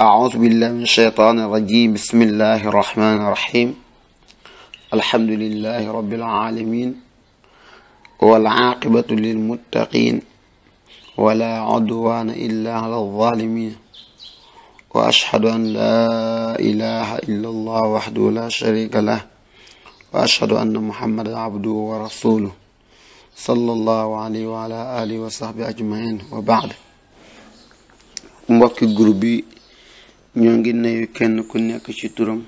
أعوذ بالله من الشيطان الرجيم بسم الله الرحمن الرحيم الحمد لله رب العالمين والعاقبة للمتقين ولا عدوان إلا على الظالمين وأشهد أن لا إله إلا الله وحده لا شريك له وأشهد أن محمدا عبده ورسوله صلى الله عليه وعلى آله وصحبه أجمعين وبعد مبكي جروبي ñoo ngi nuyu kenn ku nekk ci turam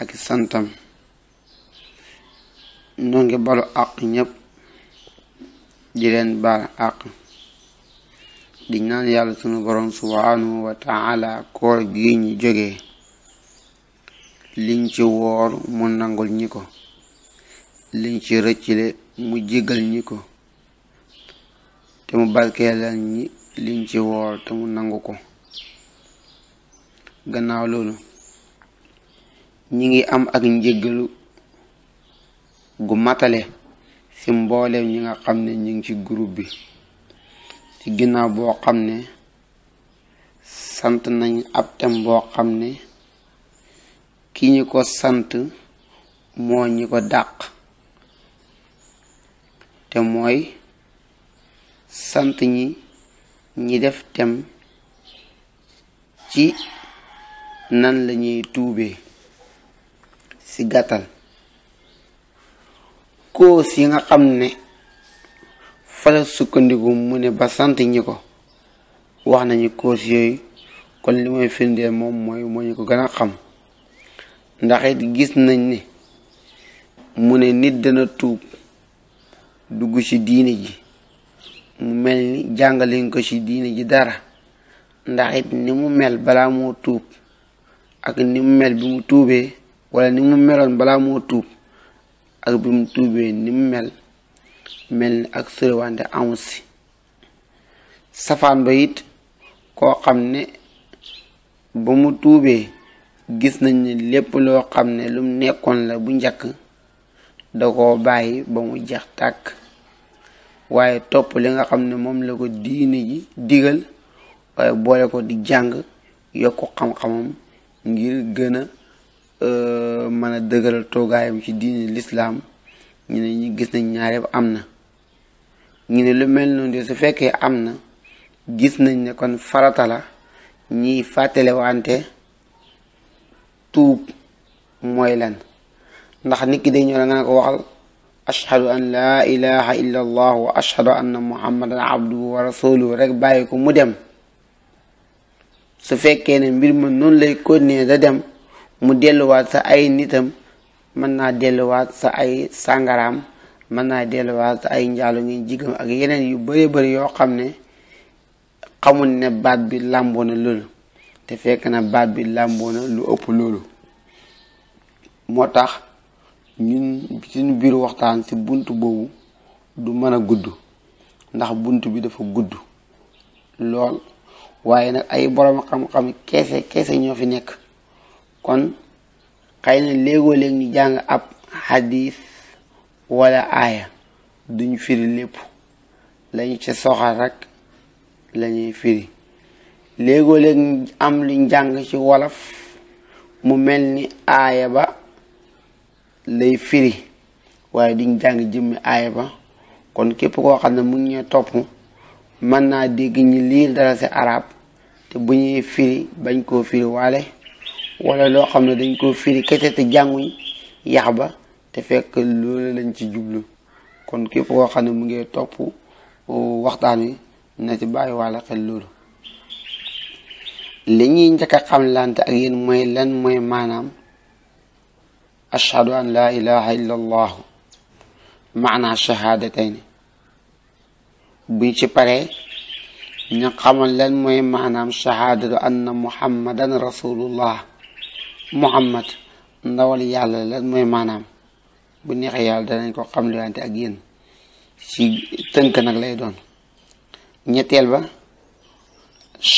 ak santam ñoo ngi balu àq ñépp di leen baal àq di ñaan yàlla sunu borom subhanahu wa taala koor gi ñu jóge liñ ci woor mu nangul ñi ko liñ ci rëccile mu jéggal ñi ko te mu barkeelal ñi liñ ci woor te mu nangu ko gannaaw loolu ñi ngi am ak njéggalu gu matale ci mbooleem ñi nga xam ne ñi ngi ci groupe bi ci ginnaaw boo xam ne sant nañ ab tem boo xam ne ki ñi ko sant moo ñi ko dàq te mooy sant ñi ñi def tem ci nan lañuy ñuy tuubee ci gàttal cause yi nga xam ne fala sukkandiku mu ne ba sant ñi ko wax nañu cause yooyu kon li mooy firndeel moom mooy moo ñu ko gën a xam ndaxit gis nañ ne mu ne nit dana tuub dugg ci diine ji mu mel ni jàngaleñ ko ci diine ji dara ndaxit ni mu mel balaa moo tuub ak ni mu mel bi mu tuubee walla ni mu meloon balaa moo tuub ak bi mu tuubee ni mu mel mel ni ak sërëwante amu si safaan ba it koo xam ne ba mu tuubee gis nañ ne lépp loo xam ne lu mu nekkoon la bu njëkk da ko bàyyi ba mu jeex tàkk waaye topp li nga xam ne moom la ko diine ji digal waaye boole ko di jàng yokk xam-xamam ngir gën a euh, mën a dëgëral toogaayam ci diine lislaam ñu ne ñu gis nañ ñaar am na ñu ne lu mel noonu de su fekkee am na gis nañ ne kon farata la ñiy fàttalewante tuub mooy lan ndax nit ki day ñëw la nga ko waxal ashhadu an laa ilaha illa allah wa ashhadu anna muhammadan abduhu wa rasuluhu rek bàyyi ko mu dem su fekkee ne mbir ma noonu lay continuer da dem mu delluwaat sa ay nitam mën naa delluwaat sa ay sàngaraam mën naa delluwaat sa ay njaalu ngi jigam ak yeneen yu bare bari yoo xam ne xamul ne baat bi làmboo na loolu te fekk na baat bi làmboo lu ëpp loolu moo tax ñun suñu biir waxtaan si bunt boobu du mën a gudd ndax bunt bi dafa gudd lool waaye nag ay borom xam-xam keese keese ñoo fi nekk kon xëy na léegoo léeg ñu jàng ab xadis wala aaya duñ firi lépp lañu ci soxal rek lañuy firi léegoo léeg am luñ jàng ci wolof mu mel ni aaya ba lay firi waaye duñ jàng jëmmi aaya ba kon képp koo xam ne mu ngi topp mën naa dégg ñi liir dara si arab te bu ñuy firi bañ koo firi waale wala loo xam ne dañ koo firi kese te jànguñ yax ba te fekk loolu lañ ci jublu kon képp koo xam ne mu ngi topp uh, waxtaan wi na ci bàyyi wàlla xel loolu li ñuy njëkk a xamlante ak yéen mooy lan mooy maanaam ashhadu an laa ilaha illa allahu maana shahadatayni bu ci paree ñu xamal lan mooy maanaam shahaadatu anna muhammadan rasulullah muhammad ndawal yàlla lan mooy maanaam bu neexee yàlla danañ ko xamliwante ak yéen ci tënk nag lay doon ñetteel ba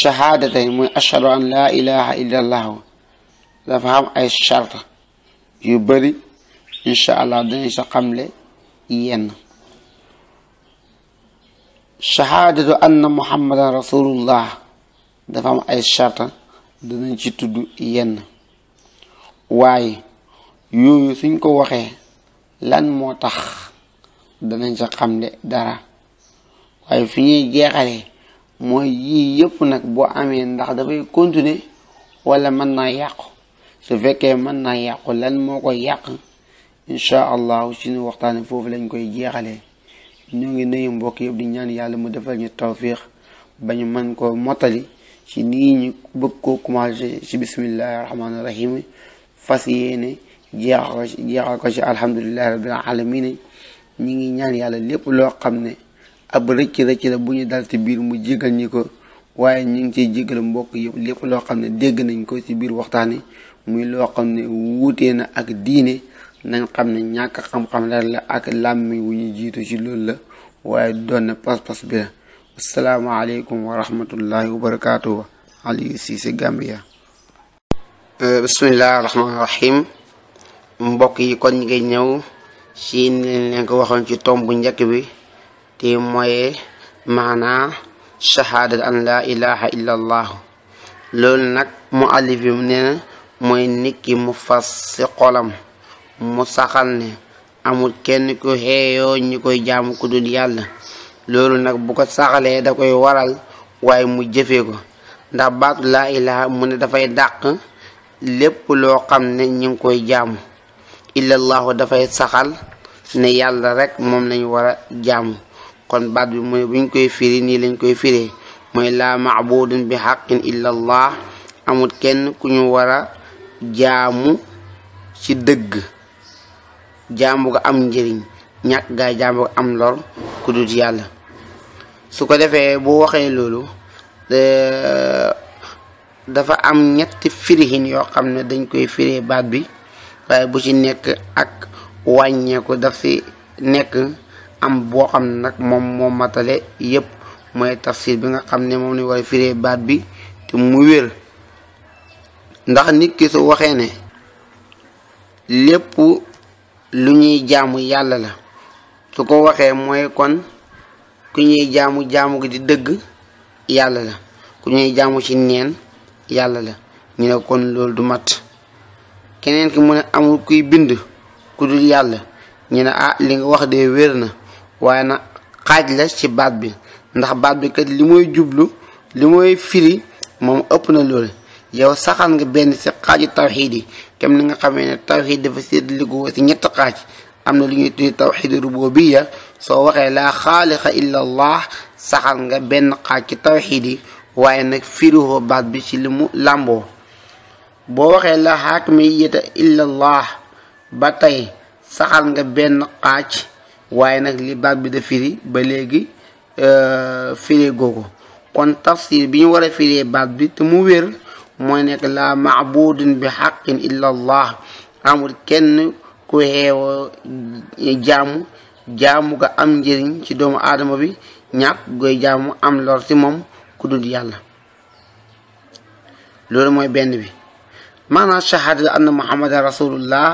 shahaadatayn mooy ashhadu an laa ilaha illa allahu dafa am ay charte yu bari incha allah danañ sa xamle yenn shahaadatu anna muhammadan rasulullah dafa am ay charta danañ ci tudd yenn waaye yooyu suñ ko waxee lan moo tax danañ sa xam ne dara waaye fi ñuy jeexalee mooy yii yëpp nag boo amee ndax dafay continuer wala mën naa yàqu si fekkee mën naa yàqu lan moo ko yàq incha allahu ci nu waxtaane foofu lañ koy jeexalee ñu ngi nuyu mbokk yëpp di ñaan yàlla mu defal ñu tawfiix ba ñu mën koo mottali ci nii ñu bëgg koo commencé ci bismillahi rahmaani rahim fas yéene jeexal ko ci jeexal ko ci alhamdulillahi rabbil alamin ñi ngi ñaan yàlla lépp loo xam ne ab rëcc rëcc la bu ñu dal ci biir mu jégal ñi ko waaye ñu ngi ciy jégal mbokk yëpp lépp loo xam ne dégg nañ ko ci biir waxtaani muy loo xam ne wuutee na ak diine nañ xam ne ñàkk xam-xam rek la ak làmmiñ wu ñu jiitu ci loolu la waaye doon na pas-pas bi la asalaamaaleykum wa rahmatullahi wa euh, bismillahi rahmaani rahim mbokk yi kon ñu ngi ci ni leen ko waxoon ci tomb bu njëkk bi te mooy maanaa shahaadat an laa ilaha illa allah loolu nag mu allif bi nee na mu fas ci xolam mu saxal ne amul kenn ku xeeyoo ñi koy jaamu ku dul yàlla loolu nag bu ko saxalee da koy waral waaye mu jëfee ko ndax baatu laa ilaha mu ne dafay dàq lépp loo xam ne ñu ngi koy jaamu illallahu dafay saxal ne yàlla rek moom lañu war a jaamu kon baat bi mooy buñ koy firi nii lañ koy firee mooy laa maabudun bi xaqin illallah amul kenn ku ñu war a jaamu ci dëgg jaamu ga am njëriñ ñàkk gaay jaamu ga am lool ku dut yàlla su ko defee bu waxee loolu dafa am ñetti firihin yoo xam ne dañ koy fire baat bi waaye bu ci nekk ak wàññeeku daf si nekk am boo xam nag moom moo matale yépp mooy tafsir bi nga xam ne moom la war a baat bi te mu wér ndax nit ki su waxee ne lépp lu ñuy jaamu yàlla la su ko waxee mooy kon ku ñuy jaamu jaamu gi di dëgg yàlla la ku ñuy jaamu ci neen yàlla la ñu ne kon loolu du matt keneen ki mu ne amul kuy bind ku dul yàlla ñu ne ah li nga wax de wér na waaye na xaaj la ci baat bi ndax baat bi kat li mooy jublu li mooy firi moom ëpp na loolu yow saxal nga benn ci xaaju tawxiid yi kem ni nga xamee ne tawxiid dafa séddlikoo si ñetti xaaj am na lu ñuy tuddee tawxiid rububiya soo waxee laa xaaliqa illa allah saxal nga benn xaaj ci tawxiid yi waaye nag firuhoo baat bi ci li mu làmboo boo waxee laa xaakmiyata illa allah ba tey saxal nga benn xaaj waaye nag li baat bi da firi ba léegi euh, firi googu kon tafsir bi ñu war a firee baat bi te mu wér mooy nekk laa maabudin bi xaqin illa allah kenn ku xeewoo jaamu jaamu ga am njëriñ ci doomu aadama bi ñàkk goy jaamu am lor ci moom ku dul yàlla loolu mooy benn bi maanaam shahaada anna muhammadan rasulullah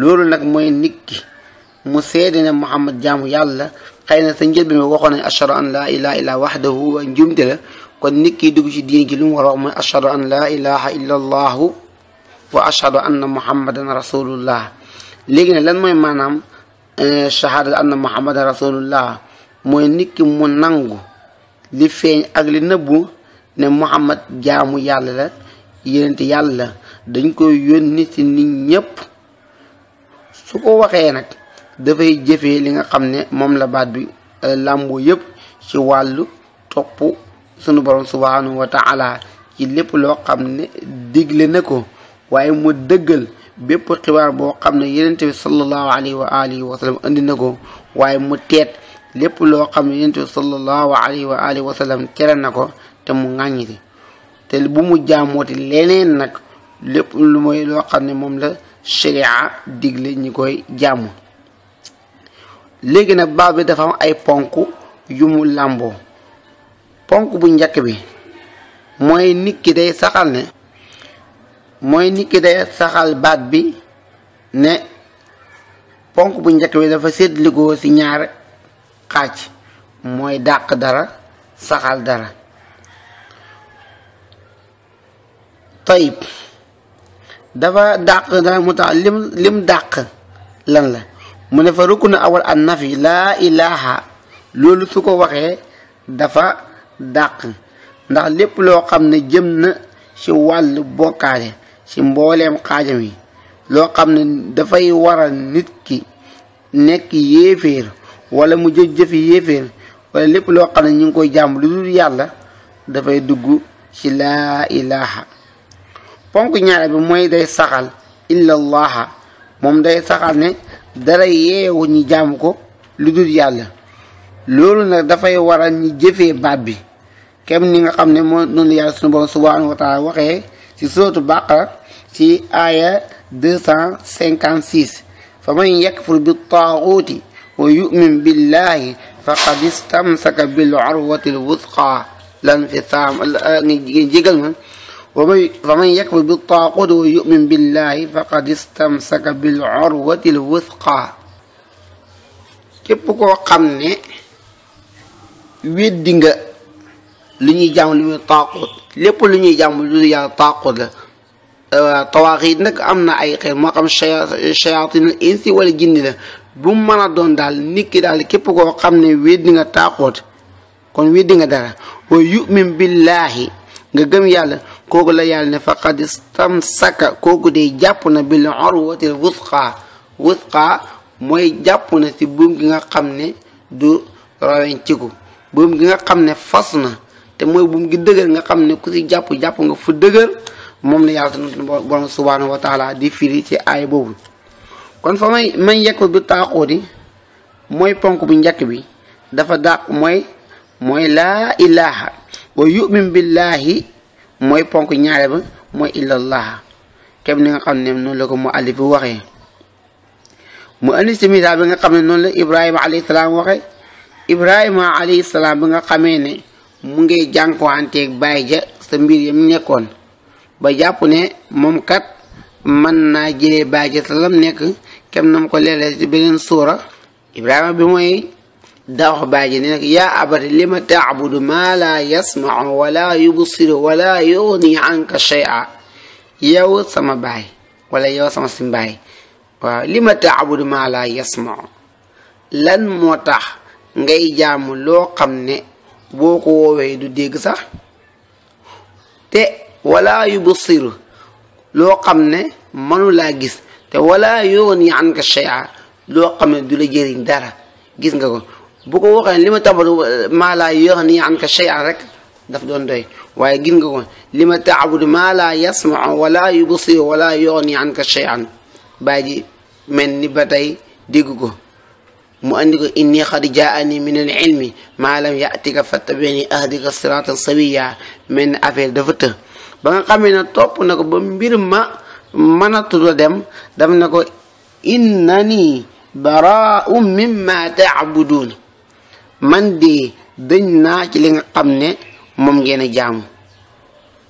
loolu nag mooy nit ki mu seede ne muhammad jaamu yàlla xëy na sa njër bi mi waxoon nañ ashhadu an laa ilaha illa wahdahu wa njumte la kon nit ki dugg ci diin gi lu mu war a wax mooy ashhadu an laa ilaha illa allahu wa ashhadu anna muhammadan rasulullah léegi ne lan mooy maanaam eh, shahada anna muhammadan rasulullah mooy nit mu nangu li feeñ ak li nëbbu ne muhammad jaamu yàlla la yénente yàlla dañ koy yónni ci nit ñépp su ko waxee nag dafay jëfe li nga xam ne moom la baat bi eh, làmboo yépp ci wàllu topp sunu borom subhanahu wa ci lépp loo xam ne digle na ko waaye mu dëggal bépp xibaar boo xam ne yenente bi sallallahu alayhi wa indi na ko waaye mu teet lépp loo xam ne yenente bi sallallahu alayhi wa tere na ko te mu ŋàññiti te bu mu jaamooti leneen nag lépp lu mooy loo xam ne moom la sharia digle ñi koy jàmm léegi nag baab bi dafa am ay ponk yu mu làmboo ponk bu njëkk bi mooy nit ki day saxal ne mooy nit ki day saxal baat bi ne ponk bu njëkk bi dafa séddlikoo ci ñaar xaaj mooy dàq dara saxal dara tayib dafa dàq dara mu tax lim lim dàq lan la mu ne fa rukk na awal an nafi laa ilaha loolu su ko waxee dafa dàq ndax lépp loo xam ne jëm na ci wàll bokkaale ci mbooleem xaajam yi loo xam ne dafay waral nit ki nekk yéeféer wala mu jëf jëfi yéeféer wala lépp loo xam ne ñu ngi koy jàmm lu dul yàlla dafay dugg ci laa ilaha ponk ñaare bi mooy day saxal illallaha moom day saxal ne dara yeewu ñu jàmm ko lu dul yàlla loolu nag dafay waral ñu jëfee baat bi kem ni nga xam ne moo noonu yàlla suñu borom subhanahu wa taala waxee ci sootu baqara ci aaya 256 fa man yakfur bi taaxuuti wa yumin billahi faqad istamsaka bil urwati l wusqa lan fi saam ngeen jégal ma fa man yakfur bi taaxuuti wa yumin billahi faqad istamsaka bil urwati l wusqa képp koo xam ne weddi nga li ñuy jàmm li muy taaxut lépp lu ñuy jàmm lu yàlla taaxut la euh, tawaaxit nag am na ay xeet moo xam shayaatinul insi wala jinni la bu mën a doon daal nit ki daal képp koo xam ne weddi nga taaxut kon weddi nga dara wa yu'min billaahi nga gëm yàlla kooku la yàlla ne faqad istamsaka kooku de jàpp na bil urwatil wusqa wusqa mooy jàpp na si buum gi nga xam ne du rawenciku buum gi nga xam ne fas na te mooy bu gi dëgër nga xam ne ku si jàpp jàpp nga fu dëgër moom la yàlla suñu borom subhaanahu wa taala di firi ci aay boobu kon fa may may yekk bi taaxooti mooy ponk bu njëkk bi dafa dàq mooy mooy laa ilaha wa yumin billahi mooy ponk ñaare ba mooy illallah kem ne noonu la bi nga xam ne noonu la ibrahima alayhi salaam waxee ibrahima alayhi salaam bi nga xamee ne mu ngay jànkuwanteeg bàyyi ja sa mbir yam nekkoon ba jàpp ne moom kat mën naa jëlee bàyyi ja sa lam nekk kem nam ko leeral ci beneen suura ibrahima bi mooy daawax bàyyi ja ne nag yaa abati li ma taabudu maa laa yasmau sama baay wala yow sama simbaay lan moo tax ngay jaamu loo xam ne boo ko woowee du dégg sax te wala yubsir loo xam ne mënu laa gis te wala yughni anka shay'a loo xam ne du la jëriñ dara gis nga ko bu ko waxee li ma tabadu maa laa yughni anka shay'a rek daf doon doy waaye gis nga ko li ma taabudu maa laa yasmaa wala yubsir wala yughni anka shay'an bàyyi ji mel ni ba tey dégg ko mu andi ko inni xad jaani min al ilmi maa lam yatika fattabini ahdika siratan sawiya mel ni affaire dafa të ba nga xamee ne topp na ko ba mbir ma mënatula dem daf na ko innani baraa'u mimma taabuduun man de dëñ naa ci li nga ne moom ngeen a jaamu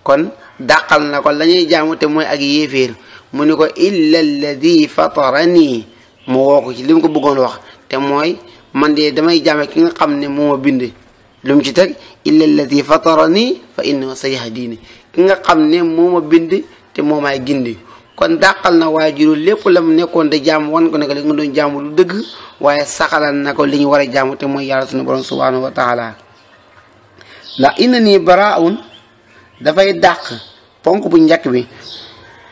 kon dàqal na ko lañuy ñuy jaamu te mooy ak yéeféer mu ni ko illa alladi fatarani mu woo ci lim ko bëggoon wax te mooy man de damay jaame ki nga xam ne moom ma bind lu mu ci teg illa alladi fatarani fa innahu sayahdini ki nga xam ne moom ma bind te moom ay gindi kon dàqal na waajuru lépp la mu nekkoon de jaamu wan ko ne li nga doon jaamu lu dëgg waaye saxalal na ko li ñu war a jaamu te mooy yàlla sunu borom subhanahu wa taala la inna nii baraun dafay dàq ponk bu njëkk bi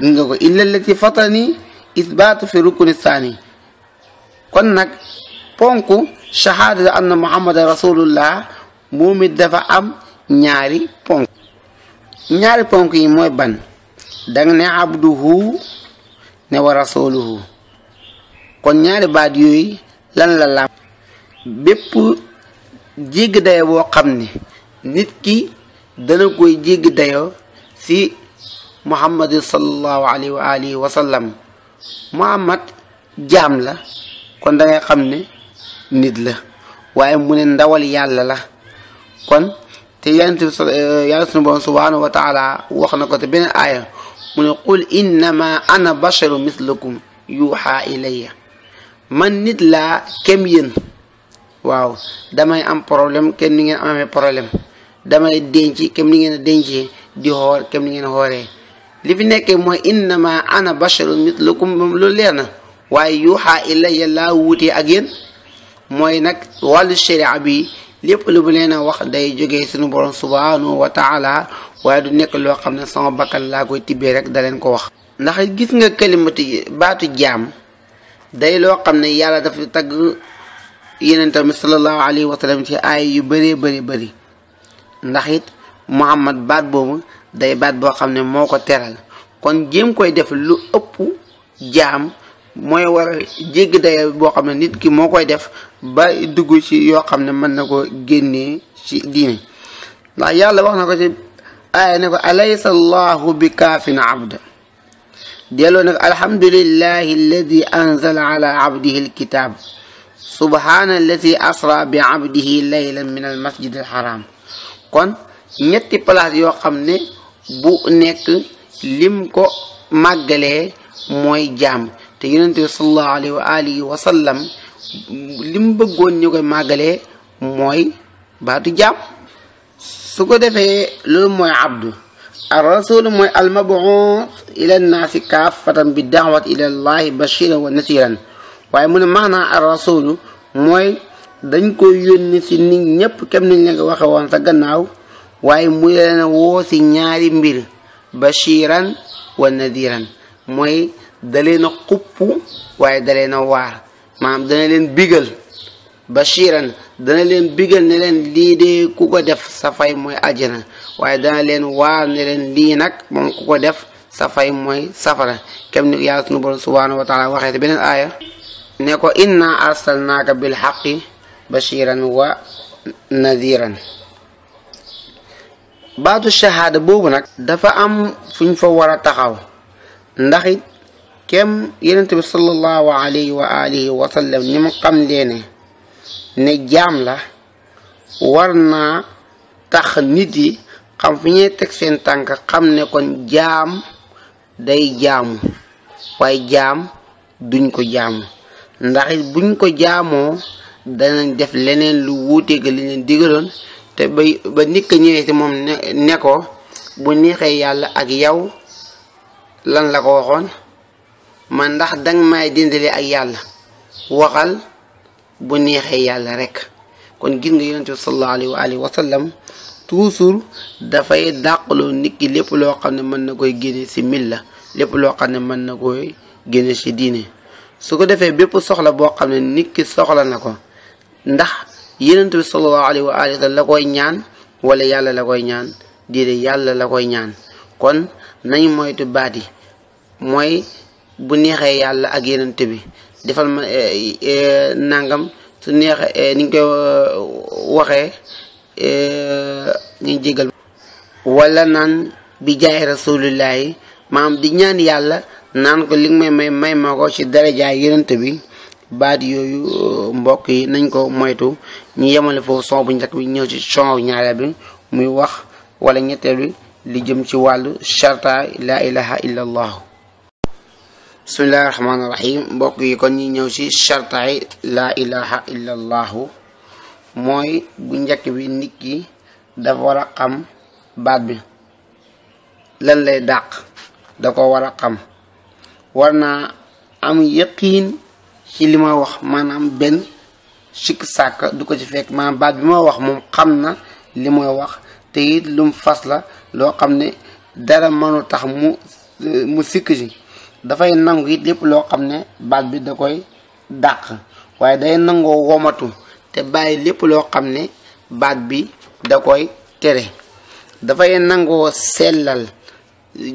gis nga ko illa allati fatarani isbaatu fi rukuni saani kon nag ponku shahaada anna muhammadan rasulullah moom it dafa am ñaari ponk ñaari ponk yi mooy ban danga ne abduhu ne wa rasuluhu kon ñaari baat yooyu lan la làmb bépp jégg dayo boo xam ni nit ki dana koy jégg dayo si muhammad sallallahu alayhi wa alihi wa muhammad jaam la kon dangay xam ne nit la waaye mu ne ndawal yàlla la kon te yonent bi eh, yàlla sunu borom wa wax na ko te beneen aaya mu ne qul innama ana basharu mislukum yuuxaa ilayya man nit laa kem waaw damay am problème kem ni ngeen amee problème damay denc kem ni ngeen a dencee di xoor kem ni ngeen xooree li fi nekkee mooy innama ana basharu mislukum moom lu leer na waaye yuuxaa ilayya laa wuutee ak yéen mooy nag wàllu sharia bi lépp lu mu leen a wax day jógee suñu borom subhanahu wa taala waaye du nekk loo xam ne sama bakkan laa koy tibbee rek da leen ko wax ndax gis nga kalimatu baatu jaam day loo xam ne yàlla dafa tagg yeneen tamit sallallahu alayhi wa ci ay yu bëree bëri bëri ndax it muhammad baat boobu day baat boo xam ne moo ko teral kon jéem koy def lu ëpp jaam mooy war a jégg daya boo xam ne nit ki moo koy def ba dugg ci yoo xam ne mën na ko génnee ci diine ndax yàlla wax na ko ci aaya ne ko alaysa allahu bi kaafin abda delloo ne ko alhamdulillahi alladi anzala ala abdihi alkitab subhaana alladi asra bi abdihi laylan min almasjid alxaram kon ñetti place yoo xam ne bu nekk lim ko màggalee mooy jaam te yonente bi sallallahu alayhi wa alihi wa sallam li mu bëggoon ñu koy màggalee mooy baatu jaam su ko defee loolu mooy abdu ar rasulu mooy almabuus ila nnaasi kaafatan bi daawat ila llahi bashiran wa nasiran waaye mu ne maanaa ar rasulu mooy dañ ko yónni si nit ñépp kem nañ la nga waxe woon sa gannaaw waaye mu leen woo ñaari mbir bashiran wa nadiran mooy da leen waaye da leen waar maanaam dana leen bigal bashiran dana leen bigal ne leen lii de ku ko def sa mooy àjjana waaye dana leen waar ne leen lii nag moom ku ko def sa mooy safara kem ni yàlla sunu borom subhaanahu wa taala waxee te beneen aaya ne ko inna arsalnaaka bil xaqi bashiran wa nadiran baatu shahaada boobu nag dafa am fuñ fa war a taxaw ndax kem yenent bi sallallahu alayhi wa alihi ni mu xam leene ne jaam la war naa tax nit yi xam fi ñuy teg seen tànk xam ne kon jaam day jaamu waaye jaam duñ ko jaamu ndaxit buñ ko jaamoo danañ def leneen lu wuuteeg li leen digaloon te ba ba nit ñëwee ci moom ne ne ko bu neexee yàlla ak yow lan la ko waxoon man ndax danga may dindale ak yàlla waxal bu neexee yàlla rek kon gis nga yonent bi sallallahu alayhi wa alihi wa sallam toujours dafay dàqaloo nit ki lépp loo xam ne mën na koy génne ci milla lépp loo xam ne mën na koy génne ci diine su ko defee bépp soxla boo xam ne nit ki soxla na ko ndax yonent bi sallallahu wa alihi wa sallam la koy ñaan wala yàlla la koy ñaan déedéet yàlla la koy ñaan kon nañ moytu baat yi mooy bu neexee yàlla ak yenente bi defal ma eh, eh, nangam su neexee eh, ni ñu koy waxee ngeen jégal wala naan bi jaay rasulillahi maam di ñaan yàlla naan ko li nga may may ma ko ci darajaay yenente bi baat yooyu mbokk yi nañ ko moytu ñu yemale foofu son bu njëkk bi ñëw ci son ñaaree bi muy wax wala ñetteel bi li jëm ci wàllu sharta la ilaha illa allah bismillahi rahmaani rahim mbokk yi kon ñi ñëw ci shartaay laa ilaha illa mooy bu njëkk bi nit ki dafa war a xam baat bi lan lay dàq da ko war a xam war naa am yaqiin ci li ma wax maanaam benn sikk sàkk du ko ci fekk maanaam baat bi ma wax moom xam na li mooy wax te it lum fas la loo xam ne dara mënu tax mu mu sikk si dafay nangu it lépp loo xam ne baat bi da koy dàq waaye day nangoo womatu te bàyyi lépp loo xam ne baat bi da koy tere dafay nangoo sellal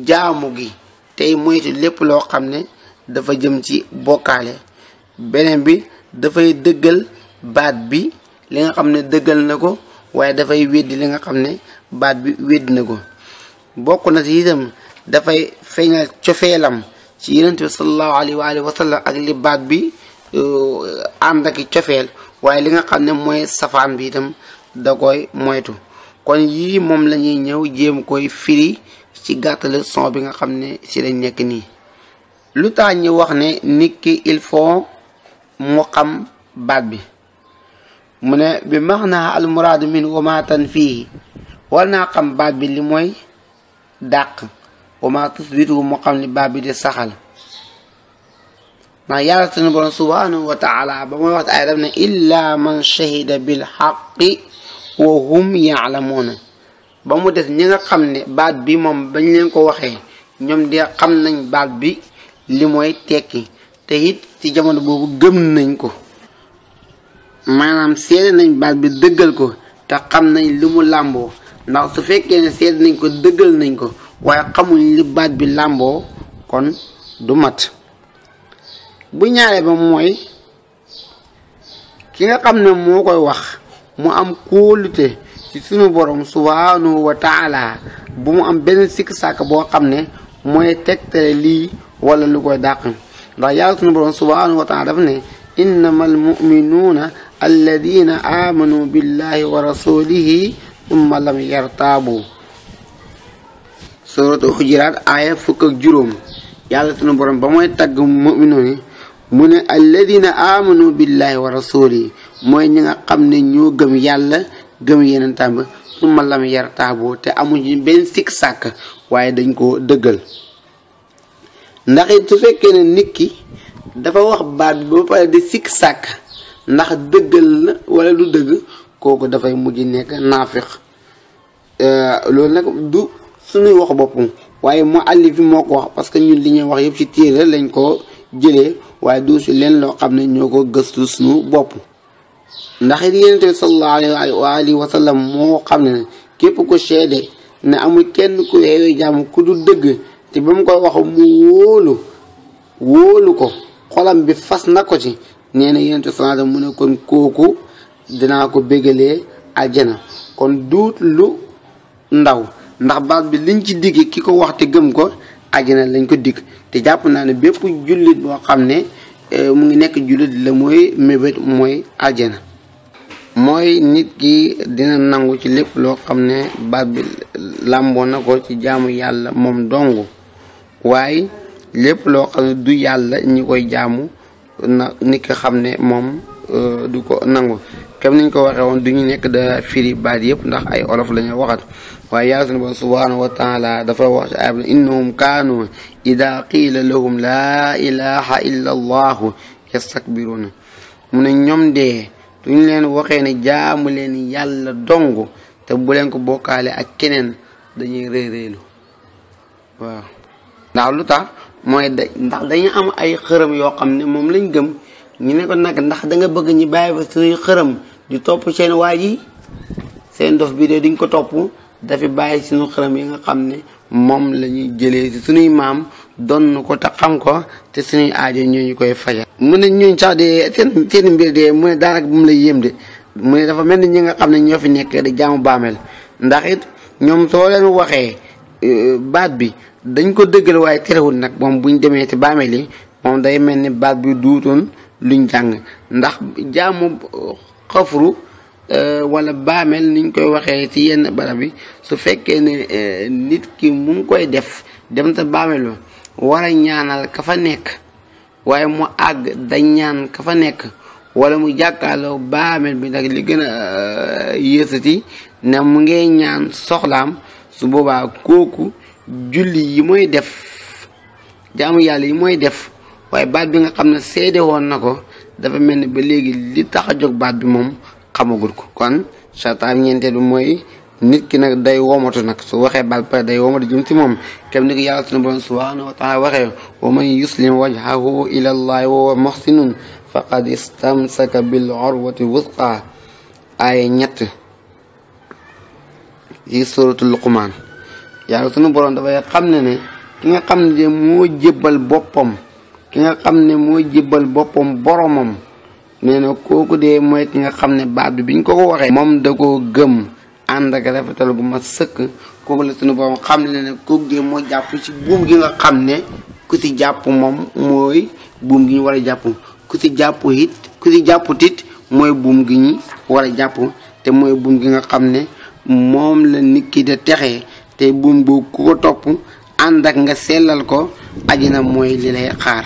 jaamu gi tey moytu lépp loo xam ne dafa jëm ci bokkaale beneen bi dafay dëggal baat bi li nga xam ne dëggal na ko waaye dafay weddi li nga xam ne baat bi weddi na ko bokk na ci itam dafay feeñal cofeelam ci yonent bi sallallahu alayhi wa ak li baat bi euh, ànd ak cofeel waaye li nga xam ne mooy safaan bi itam da koy moytu kon yii moom lañuy ñëw jéem koy firi ci gàttal son bi nga xam ne ci lañ nekk nii lu tax ñu wax ne nit ki il faut mu xam baat bi mu ne bi maxnaa almuraadu min wamaatan fii war naa xam baat bi li mooy dàq wama tusbitu mu xam li baab bi di saxal ndax yàlla sunu borom subhanahu wa ba mooy waxte ay daf ne illa man shahida bil xaqi wa hum yaalamuuna ba mu des ñi nga xam ne baat bi moom bañ leen ko waxee ñoom de xam nañ baat bi li mooy tekki te it ci jamono boobu gëm nañ ko maanaam seede nañ baat bi dëggal ko te xam nañ li mu làmboo ndax su fekkee ne seede nañ ko dëggal nañ ko waaye xamuñ li baat bi làmboo kon du mat bu ñaare ba mooy ki nga xam ne moo koy wax mu am kóolute ci sunu boroom subhaanahu wa taala bu mu am benn sikk sàkk boo xam ne mooy tegtale lii wala lu koy dàq ndax yàlla sunu borom subhaanahu wa taala daf ne innama almuminuuna alladina amanu billahi wa rasulihi summa lam yartaabu suratu xujuraat aaya fukk ak juróom yàlla sunu borom ba mooy tagg mu ne alladina amanu billahi wa rasuli mooy ñu nga xam ne ñoo gëm yàlla gëm yeneen tàmb su ma yar taaboo te amuñu benn sikk sàkk waaye dañ ko dëggal ndax su fekkee ne nit ki dafa wax baat bi ba pare di sikk sàkk ndax dëggal la wala du dëgg kooku dafay mujj nekk naafiq euh, loolu nag du suñuy waxu boppam waaye mu àllif bi moo ko wax parce que ñun li ñuy wax yëpp ci téere lañ ko jëlee waaye du si leen loo xam ne ñoo ko gëstu suñu bopp ndax it yonent bi sallallahu alayhi wa alihi moo xam ne képp ko ceede ne amul kenn ku yeeyoo ku du dëgg te ba mu wax mu wóolu wóolu ko xolam bi fas na ko ci nee na yonent mu ne kon kooku dinaa ko bégalee aljana kon duut lu ndaw ndax baat bi liñ ci digg ki ko wax te gëm ko àjjana lañ ko digg te jàpp naa ne bépp jullit boo xam ne e, mu ngi nekk jullit la mooy mébét mooy àjjana mooy nit ki dina nangu ci lépp loo xam ne baat bi làmboo na ko ci jaamu yàlla moom dong waaye lépp loo xam ne du yàlla ñi koy jaamu na nit ki xam ne moom e, du ko nangu kem niñ ko waxee woon du ñu nekk da firi baat yëpp ndax ay olof la ñu waxat waa yàlla sunu borom subhanahu wa taala dafa wax ci ayab innahum kaanu ida qiila lahum laa ilaha illa allahu mu ne ñoom dee duñ leen waxee ne jaamu leen yàlla dong te bu leen ko bokkaale ak keneen dañuy réeréelu waaw ndax lu tax mooy da ndax dañu am ay xërëm yoo xam ne moom lañ gëm ñu ne ko nag ndax da nga bëgg ñu bàyyi fa suñuy xërëm di topp seen waaj seen dof bi de duñ ko topp dafi bàyyi suñu xërëm yi nga xam ne moom la ñuy jëlee si suñuy maam donn ko te xam ko te suñuy aajo ñooñu koy fajal mu ne ñooñu sax de seen seen mbir de mu ne daanaka bu mu la yéem de mu ne dafa mel ni ñi nga xam ne ñoo fi nekk di jaamu baameel ndax it ñoom soo leen waxee euh, baat bi dañ ko dëggal waaye terewul nag moom buñ demee ci baameel yi moom day mel ni baat bi duutoon luñ jàng ndax jaamu xafru Euh, wala baamel niñ koy waxee ci yenn barab yi su fekkee ne euh, nit ki mu ngi koy def dem ta baamel ba war a ñaanal ka fa nekk waaye mu àgg dañ ñaan ka fa nekk wala mu jàkkaarloo baamel bi ndax li gën a euh, yéesati ne mu ngay ñaan soxlaam su boobaa kooku julli yi mooy def jaamu yàlla yi mooy def waaye baat bi nga xam ne seede woon na ko dafa mel ni ba léegi li tax a jóg baat bi moom xamagul ko kon sartaam ñeenteel mooy nit ki nag day womatu nag su waxee bal pare day womatu jëm ci moom kem ni ko yàlla sunu borom subhanahu wa taala waxee wa man yuslim wajhahu ila allahi wa huwa muhsinun faqad istamsaka bil urwati wusqa ay ñett ci suratul luqmaan yàlla sunu borom dafay xam ne ne ki nga xam ne moo jébbal boppam ki nga xam ne moo jébbal boppam boromam nee na kooku dee mooy ki nga xam ne baat bi biñ ko ko waxee. moom da koo gëm ànd ak rafetal bu ma sëkk kooku la sunu borom xam ne ne kooku dee moo jàpp ci buum gi nga xam ne ku ci jàpp moom mooy buum gi war a jàpp ku ci jàpp it ku ci jàpput mooy buum gi ñu jàpp te mooy buum gi nga xam ne moom la nit ki da texe te buum boobu ku ko topp ànd ak nga sellal ko ajina mooy li lay xaar.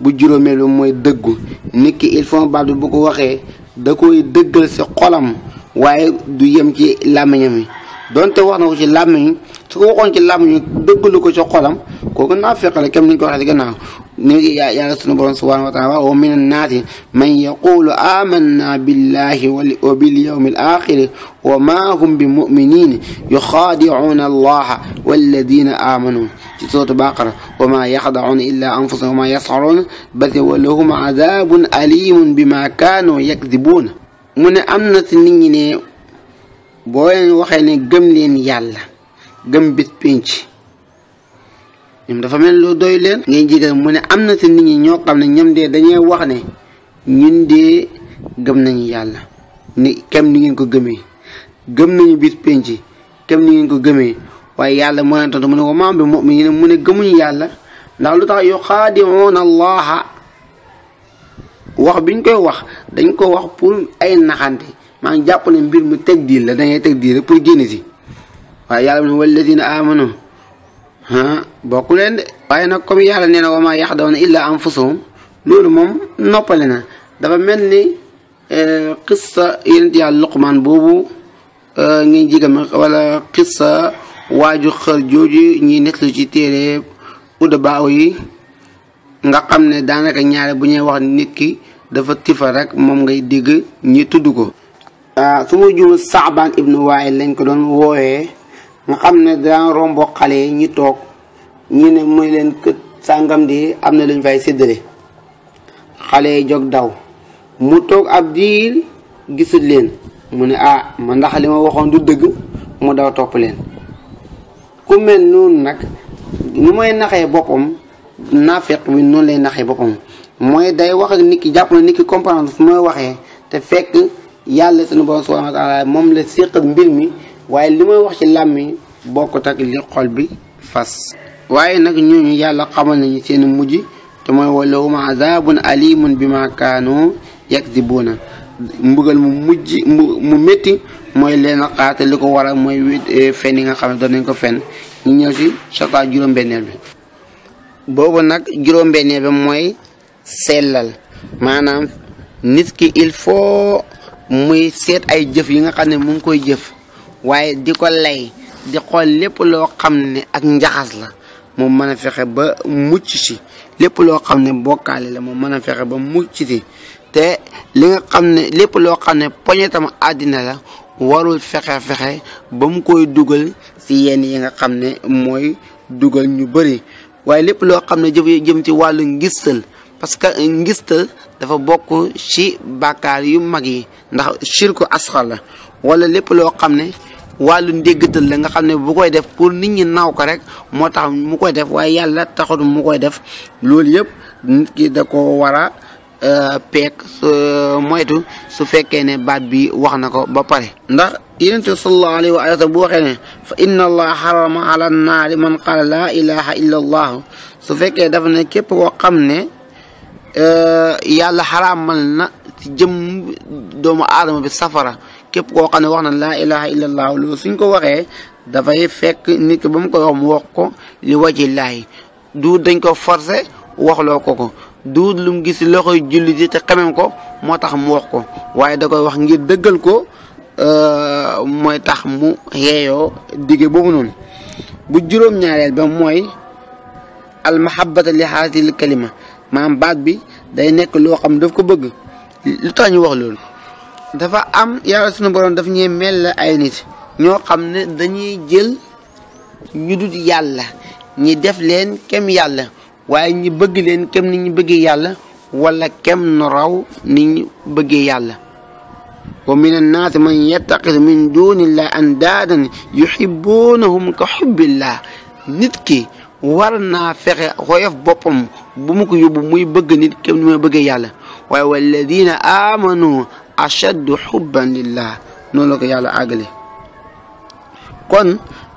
bu juróomeel bi mooy dëggu nit ki il faut baat bi bu ko waxee da koy dëggal ci xolam waaye du yem ci làmmiñam yi donte wax na ko ci làmmiñ su ko waxoon ci dëgg lu ko ci xolam kooku naa fekkale kem ni ñu ko waxee ci gannaaw mi ngi yàlla sunu borom subhanahu wa taala wa min annaasi man yaqulu amanna billahi wa bil yawmil axiri wa ma hum bi muminin yuxaadicuuna allaha walladina aamanu ci sootu baqara wa ma yaxdacuuna illa anfusahum wa ma yascaruun bal wa lahum cadaabun aliimun bima kaanu yakdibuun mu ne am na si nit ñi ne boo leen waxee ne gëm leen yàlla gëm bit pénc ñoom dafa mel lu doy leen ngay jigal mu ne am na si nit ñi ñoo xam ne ñoom de dañuy wax ne ñun de gëm nañu yàlla ni kem ni ngeen ko gëmee gëm nañu bis penc kem ni ngeen ko gëmee waaye yàlla moo leen tontu mu ne ko maam bi mu'miniin mu ne gëmuñu yàlla ndax lu tax yuxaadi'uuna allaha wax biñ koy wax dañ ko wax pour ay naxante maa jàpp ne mbir mu teg diil la dangay teg diil la pour génn si waaye yàlla mu ne walladina amanu bokku leen de waaye nag comme yàlla nee na wa maa yaxdawna illa anfusahum loolu moom noppale na dafa mel ni xissa eh, yonent yàlla luqmaan boobu eh, ngi jigam wala sa waaju xër jooju ñuy nettlu ci téere udabaaw yi nga xam ne daanaka ñaare bu ñuy wax nit ki dafa tifa rek moom ngay dégg ñi tudd ko ah, su ma juum saabaan ibnu waayil lañ ko doon wooyee nga xam ne daan rombo xale yi ñi toog ñu ne muy leen kët sàngam di am na lu fay séddale xale yi jog daw mu toog ab diir gisul leen mu ne ah ma ndax li ma waxoon du dëgg mu daw topp leen ku mel noonu nag nu mooy naxee boppam naafeq bi noonu lay naxee boppam mooy day wax ak nit jàpp na nit ki comprendre fu mooy waxee te fekk yàlla sunu borom subhanahu wa moom la séq ak mbir mi waaye li may wax ci làmmiñ bokkut takk li xol bi fas waaye nag ñooñu yàlla xamal nañu seen mujj te mooy walahum azabun alimun bi ma kaanu yakdibuuna mbugal mu mujj mu métti mooy leen xaate li ko waral mooy wét eh, fen yi nga xam ne doon ko fen ñu ñëw ci chata juróom-benneel bi boobu nag juróom-benneel bi mooy sellal maanaam nit ki il faut muy seet ay jëf yi nga xam ne mu ngi koy jëf waaye di ko lay di xool lépp loo xam ne ak njaxas la mu mën a fexe ba mucc si lépp loo xam ne bokkaale la mu mën a fexe ba mucc ci te li nga xam ne lépp loo xam ne poñetam àddina la warul fexe-fexe ba mu koy dugal ci yenn yi nga xam ne mooy dugal ñu bëri waaye lépp loo xam ne jëm jëm ci wàllu ngistal parce que ngistal dafa bokk si bàkkaar yu mag yi ndax shirku asxar la wala lépp loo xam ne wàllu ndéggatal la nga xam ne bu koy def pour nit ñi naw ko rek moo tax mu koy def waaye yàlla taxatu mu koy def loolu yëpp nit ki da ko war a euh, peek moytu su fekkee ne baat bi wax na ko ba pare ndax yonent bi sallallahu alayhi wa ne fa inna allah xarama ala naari man qaala laa su fekkee dafa ne képp koo xam ne euh, yàlla xaraamal na ci jëm doomu aadama bi safara képp koo xam ne wax na laa ilaha illallah loolu suñ ko waxee dafay fekk nit ki ba mu koy wax mu wax ko li waji laay duut dañ ko forcé waxloo ko ko duut lu mu gis loxoy jullit yi te xamem ko moo tax mu wax ko waaye da koy wax ngir dëggal ko euh, mooy tax mu yeeyoo digge boobu noonu bu juróom-ñaareel ba mooy almahabata li xaatil kalima maam baat bi day nekk loo xam daf ko bëgg lu tax ñu wax loolu dafa am yàlla sunu borom daf ñuy mel ay nit ñoo xam ne dañuy jël ñu dut yàlla ñi def leen kem yàlla waaye ñu bëgg leen kem ni ñu bëggee yàlla walla kem nu ni ñu bëggee yàlla wa min annaasi man yattaxidu min dunillahi andaadan yuhibbuunahum ka xubbillah nit ki war naa fexe xoyof boppam bu mu ko yóbbu muy bëgg nit kem ni muy bëggee yàlla waaye walladina amanu ashaddu xubban lillah noonu ko yàlla àggale kon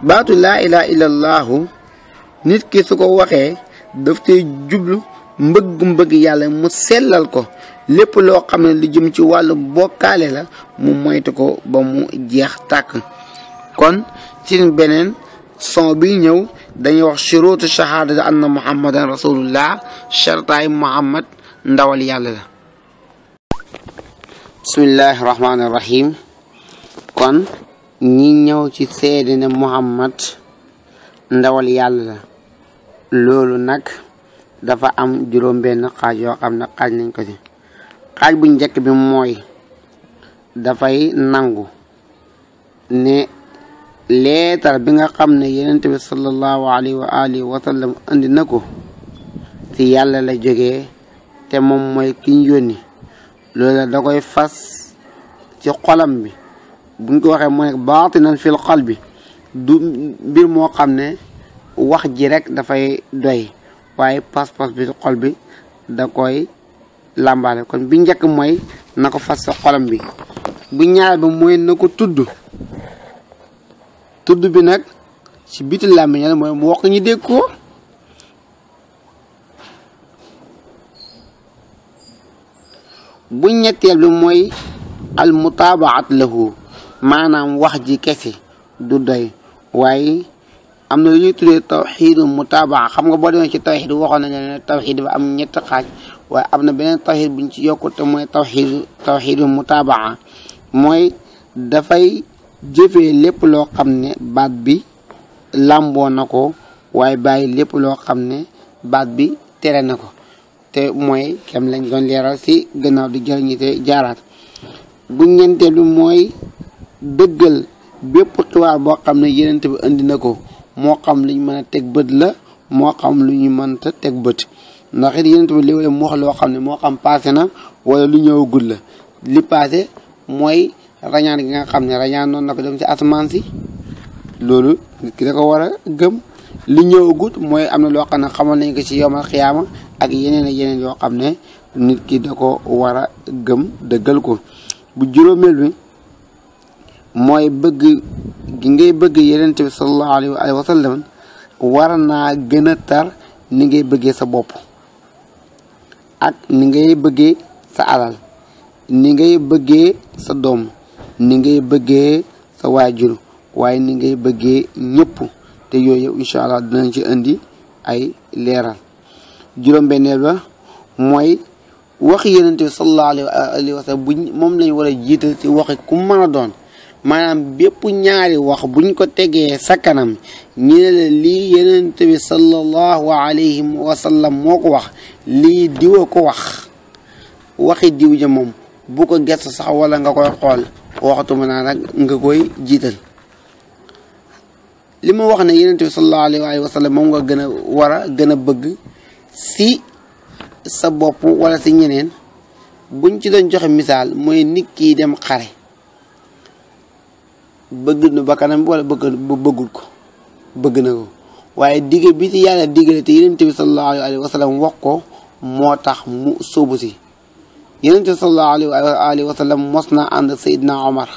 baatu laa ilaha illallahu nit ki su ko waxee daf tey jublu mbëgg-mbëgg yàlla mu sellal ko lépp loo xam ne lu jëm ci wàllu bokkaale la mu moytu ko ba mu jeex tàkk kon ci beneen son bi ñëw dañuy wax shuruutu shahaadati anna muhammadan rasulullah shartaay muhammad ndawal yàlla la bismillahi rahmaani rahim kon ñi ñëw ci seede ne muhammad ndawal yàlla la loolu nag dafa am juróom-benn xaaj yoo xam ne xaaj nañ ko ci xaaj bu njëkk bi mooy dafay nangu ne leetar bi nga xam ne yenent bi sallallahu alayhi wa alihi wa na ko ci yàlla la jógee te moom mooy ki ñu yónni loola da koy fas ci xolam bi buñ ko waxee mooy baatinan fil xol bi du mbir moo xam ne wax ji rekk dafay doy waaye pas-pas bi xol bi da koy làmbaale kon bi njëkk mooy na ko fas sa xolam bi bu ñaar ba mooy na ko tudd tudd bi nag ci biti làmmiñ mooy mu wax ñu dégg ko bu ñetteel bi mooy al mutaabaat lahu maanaam wax ji kese du doy waaye am na lu ñuy tuddee tawxiidu mutaabaa xam nga boo demee ci tawxiid waxoon nañu ne tawxiid ba am ñett xaaj waaye am na beneen tawxiid buñ ci yokku te mooy tawxiidu tawxiidu mutaabaa mooy dafay jëfee lépp loo xam ne baat bi làmboo na ko waaye bàyyi lépp loo xam ne baat bi tere na ko te mooy kem lañ doon leeral si gannaaw di jëriñu te jaaraat bu ñeenteelu mooy dëggal bépp xibaar boo xam ne yenent bi indi na ko moo xam lu ñu mën a teg bët la moo xam lu ñu mënta teg bët ndax it yenent bi loo xam ne moo xam passé na wala lu ñëwagul la li mooy rañaan gi nga xam ne rañaan noonu na ko dem si loolu nit ki ko war a gëm li ñëwagut mooy am na loo xam ne xamoon nañ ko ci yomal xiyaama ak yeneen yeneen yoo xam ne nit ki da ko war a gëm dëggal ko bu juróomeel mooy bëgg gi ngay bëgg yenente bi sallallahu alayhi wa sallam war naa gën a tar ni ngay bëggee sa bopp ak ni ngay bëggee sa alal ni ngay bëggee sa doom ni ngay bëggee sa waajur waaye ni ngay bëggee ñëpp te yooyu yëpp incha allah dinañ ci indi ay leeral juróom-benneel ba mooy waxi yonent bi sallallahu alayhi wa sallam buñ moom lañ war a jiital ci waxi ku mën a doon maanaam bépp ñaari wax buñ ko tegee sa kanam ñu ne la lii yonent bi wa sallam moo wax lii diwa ko wax waxi diw ja moom sax wala nga koy xool waxatuma nga koy jiital li wax ne yonent bi sallallahu wa sallam moom nga gën a war a gën a bëgg si sa bopp wala si ñeneen buñ ci doon joxe misaal mooy nit kii dem xare bëgg na bakkanam wala bëgg bëggul ko bëgg na ko waaye digg bi ci yàlla diggale te yonent bi sallallahu alayhi wa wax ko moo tax mu subu si yonent bi sallallahu alayhi wa sallam mos na ànd ak Seydina Omar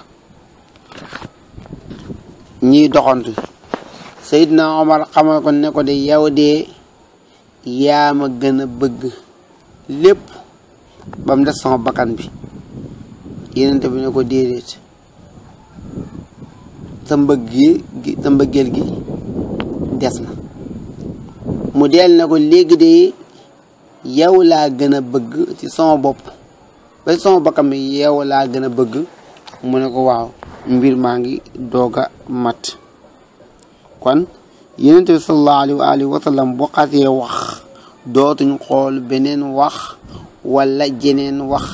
ñiy doxantu Seydina Omar xamal ko ne de yow dee yaa ma gën a bëgg lépp ba mu des sama bakkan bi yenente bi ne ko déedéet sa gi mbëggeel gi des na mu deel na ko léegi de yow laa gën a bëgg ci sama bopp ba ci sama bakkan bi yow laa gën a bëgg mu ne ko waaw mbir maa ngi doog a mat kon yenente bi sallallahu alayhi wa alihi wa xasee wax dootuñ xool beneen wax walla jeneen wax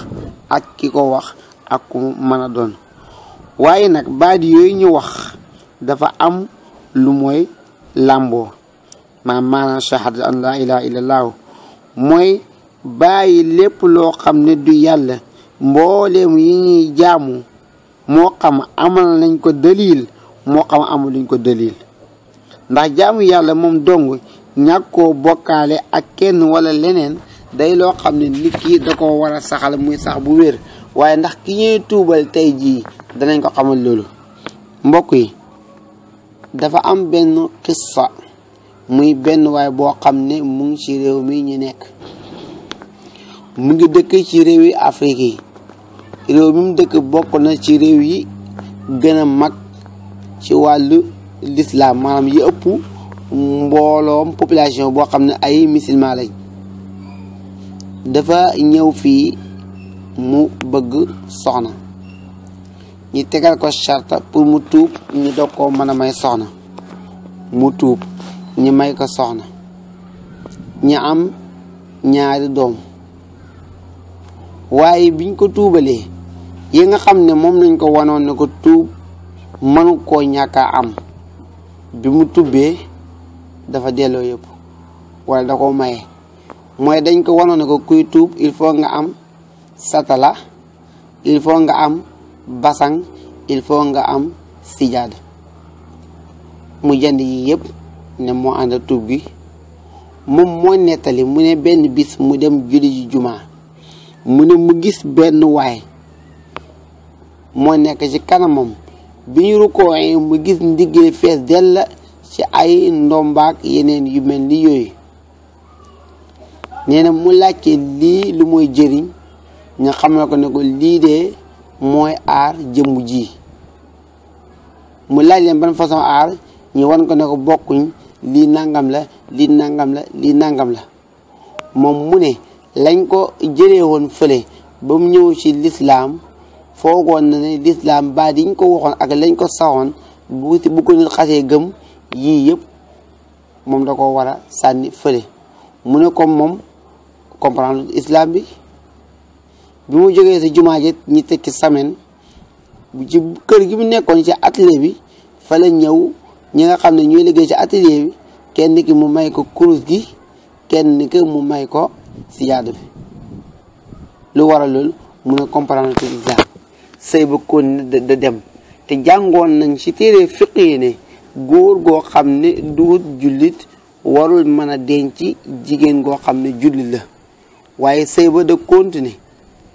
ak ki ko wax ak ku mën a doon waaye nag baat yooyu ñu wax dafa am lu mooy làmboo maa maanaam shahadat an laa ilaha illallahu mooy bàyyi lépp loo xam ne du yàlla mboolem yi ñuy jaamu moo xam amal nañ ko dalil moo xam amul luñ ko dalil ndax jaamu yàlla moom dong ñàkkoo koo bokkaale ak kenn wala leneen day loo xam ne nit kii da koo war a saxal muy sax bu wér waaye ndax ki ñuy tuubal tey jii danañ ko xamal loolu mbokk yi dafa am benn xissa muy benn waay boo xam ne mu ngi ci réew mi ñu nekk mu ngi dëkk ci réew yi Afrique yi réew mi mu dëkk bokk na ci réew yi gën mag ci wàllu lislaam maanaam yi ëpp mbooloom population boo xam ne ay musulman lañ dafa ñëw fii mu bëgg soxna ñi tegal ko charte pour mu tuub ñu doog ko mën a may soxna mu tuub ñi may ko soxna ñi am ñaari doom waaye biñ ko tuubalee yi nga xam ne moom lañ ko wanoon ne ko tuub mën koo ñàkk am bi mu tubbee dafa delloo yëpp wala da ko maye mooy dañ ko wanoon ne ko kuy tuub il faut nga am satala il faut nga am basang il faut nga am sijaad mu jënd yi yëpp ne moo ànd a tuub gi moom moo nettali mu ne benn bis mu dem julli ji jumaa mu ne mu gis benn waay moo nekk ci kanamam bi ñu rukkoo mu gis ndiggee fees dell ci ay ndombaak yeneen yu mel ni yooyu nee na mu laajte lii lu mooy jëriñ nga xamal ko ne ko lii de mooy aar jëmm ji mu laaj leen ban façon aar ñu wan ko ne ko bokkuñ lii nangam la lii nangam la lii nangam la moom mu ne lañ ko jëlee woon fële ba mu ñëw ci lislaam foogoon na ne lislaam baa diñ ko waxoon ak lañ ko saxoon bu bu ko nit xasee gëm yii yëpp moom da ko war a sànni fële mu ne comme moom comprendre islam bi bi mu jógee si jumaa ji ñi teg tekki semaine ci kër gi mu nekkoon ci atelier bi fa la ñëw ñi nga xam ne ñuy liggéey ci atelier bi kenn ki mu may ko kurus gi kenn ki mu may ko siyaada bi lu waral loolu mu ne comprendre ko islam sëy ba kon da dem te jàngoon nañ ci téere fiq yi ne góor goo xam ne duut jullit warul mën a denc jigéen goo xam ne jullit la waaye sëy ba da continuer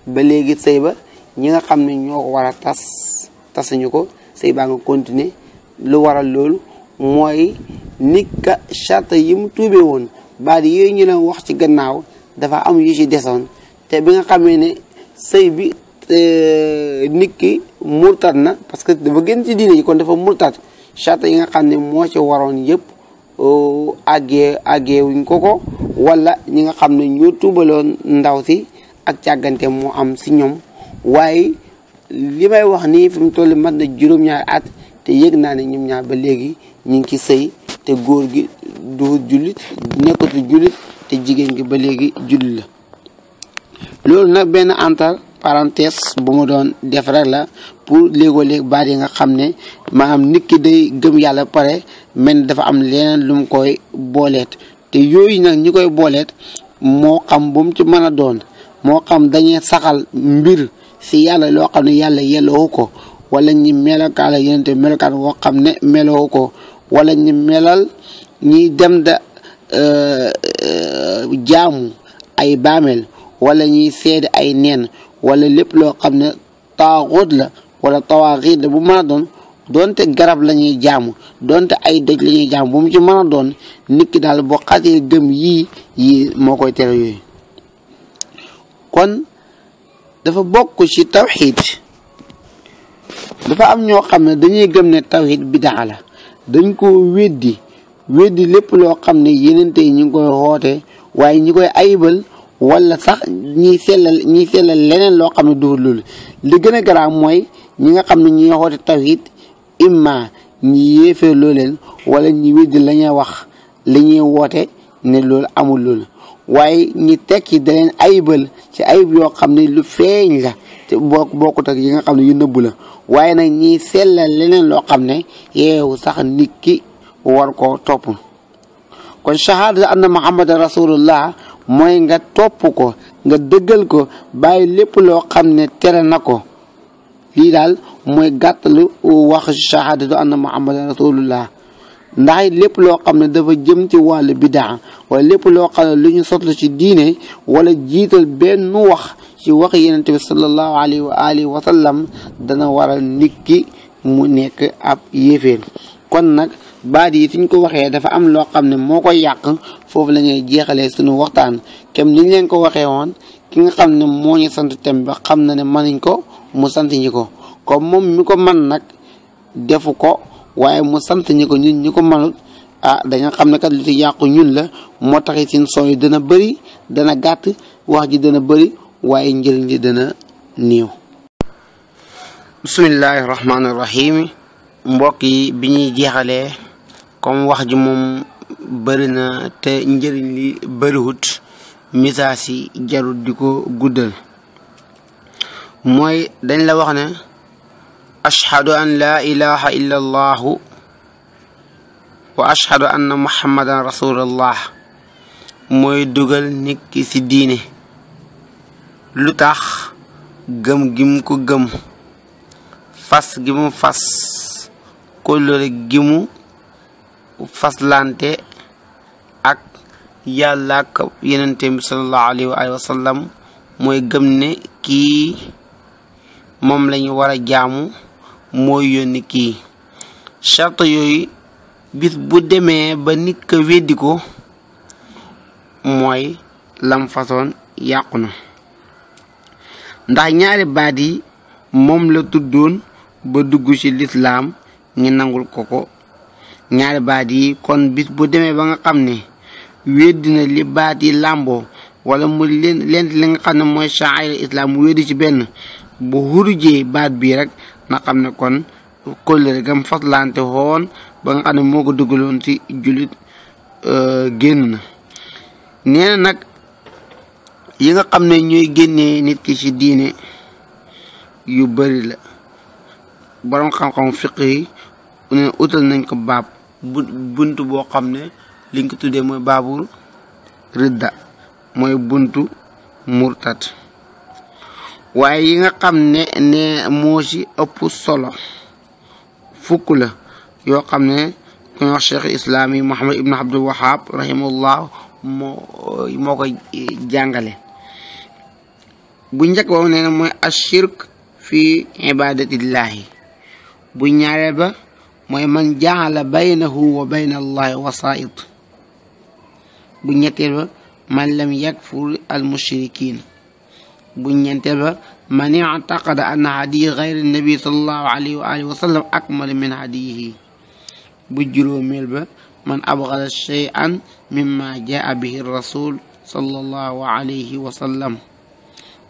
ba léegi sëy ba ñi nga xam ne ñoo war a tas tasuñu ko sëy baa nga continuer lu waral loolu mooy nit ka yi mu tuubee woon baat yooyu ñu leen wax ci gannaaw dafa am yu ci desoon te bi nga xamee ne sëy bi euh, nit ki murtat na parce que dafa gën ci diine yi kon dafa murtat charte yi nga xam ne moo ci waroon yëpp euh, àggee àggee wuñ ko ko wala ñi nga xam ne ñoo tuubaloon ndaw si ak càggante moo am si ñoom waaye li may wax nii fi mu toll mat na juróom-ñaari at te yëg naa ne ñoom ñaar ba léegi ñu ngi ci sëy te góor gi du jullit nekkatu jullit te jigéen gi ba léegi jullit la loolu nag benn antal parenthèse bu mu doon def rek la pour léegoo-léeg baat yi nga xam ne maanaam nit ki day gëm yàlla pare mel dafa am leneen lum koy booleet te yooyu nag ñi koy booleet moo xam bu ci mën a doon moo xam dañuy saxal mbir si yàlla loo xam ne yàlla yelloo ko wala ñi melokaan la yeneen melokaan woo xam ne meloo ko wala ñi melal ñiy dem da euh, euh, jaamu ay baamel wala ñiy seede ay nen wala lépp loo xam ne taaxut la wala tawaaxiit la bu mën a doon donte garab lañuy ñuy jaamu donte ay doj la ñuy bu mu ci mën a doon nit ki daal boo xasee gëm yii yii moo koy tere yooyu kon dafa bokk ci tawxiit dafa am ñoo xam ne dañuy gëm ne tawxiid bidaa la dañ ko weddi weddi lépp loo xam ne yeneen tey ñu ngi koy xoote waaye ñi koy ayibal wala sax ñiy sellal ñiy sellal leneen loo xam ne du loolu li gën a garaaw mooy ñi nga xam ne ñi xoote tawhid imma ñi yéefee loo leen wala ñi wéddi lañuy wax li ñuy woote ne loolu amul loolu waaye ñi tekki da leen ayibal ci ayib yoo xam ne lu feeñ la te boo bokkut ak yi nga xam ne yu nëbbu la waaye nag ñi sellal leneen loo xam ne yeewu sax nit ki war ko topp kon shahada anna muhammadan rasulullah mooy nga topp ko nga dëggal ko bàyyi lépp loo xam ne tere na ko lii daal mooy gàttalu wax shahadatu anna muhammadan rasulullah ndax lépp loo xam ne dafa jëm ci wàllu bidaa wala lépp loo xam ne lu ñu sotlu ci diine wala jiital benn wax ci wax yenente bi sallallahu alayhi wa dana waral nit ki mu nekk ab yéeféen kon nag baat yi suñ ko waxee dafa am loo xam ne moo koy yàq foofu lañuy ñuy jeexalee suñu waxtaan kem niñ leen ko waxee woon ki nga xam ne moo ñu sant tem ba xam na ne mënuñ ko mu sant ñi ko comme moom mi ko man nag defu ko waaye mu sant ñi ko ñun ñi ko manut ah dañu xam ne kat lu ci yàqu ñun la moo taxi seen son yi dana bari dana gàtt wax ji dana bari waaye njëriñ li dana néew bismillahi rahmaani rahim mbokk yi bi ñuy jeexalee comme wax ji moom bëri te njëriñ li bariwut misaas ci jarut di ko guddal mooy dañ la wax ne ashhadu an laa ilaha illa allahu wa ashhadu anna muhammadan rasulullah mooy dugal nit ci diine lu tax gëm gim ko gëm fas gi fas kóllëre gi mu faslante ak yàlla ak yenente bi sallallahu alayhi wa mooy gëm ne kii moom lañu war a jaamu mooy yónni charte yooyu bis bu demee ba nit ka weddi ko mooy lam yàqu na ndax ñaari baat yi moom la tuddoon ba dugg ci lislaam ñi nangul ko ko ñaari baat yi kon bis bu demee ba nga ni ne wéddi na li baat yi làmboo wala mu leen li nga xam ne mooy shaaira islaam mu wéddi ci benn bu xurujee baat bii rek na xam ne kon kóllëre gam faslante woon ba nga xam ne moo ko dugaloon ci jullit euh, génn na nee na nag yi nga xam ne ñooy génnee nit ki ci diine yu bari la boroom xam-xam fiq yi utal nañ ko baab bunt boo xam ne liñ ko tuddee mooy baabul ridda mooy buntu murtat waaye yi nga xam ne ne moo ëpp solo fukk la yoo xam ne ku ñuy wax cheikh islaam yi abdul wahab rahimahullah moo moo koy jàngale bu njëkk boobu nee na mooy ashirk fi ibadatillahi bu ñaareel ba mooy man jaala baynahu wa bayna allahi wasaid bu ñetteel ba man lam yakfur al mushrikin bu ñeenteel ba man itaqada anna hadiyi gayri nabi salallahu alayhi wa alihi wa sallam akmal min hadiyihi bu juróomeel ba man abgada shay'an mimma jaa bihi rasul sallallahu alayhi wa sallam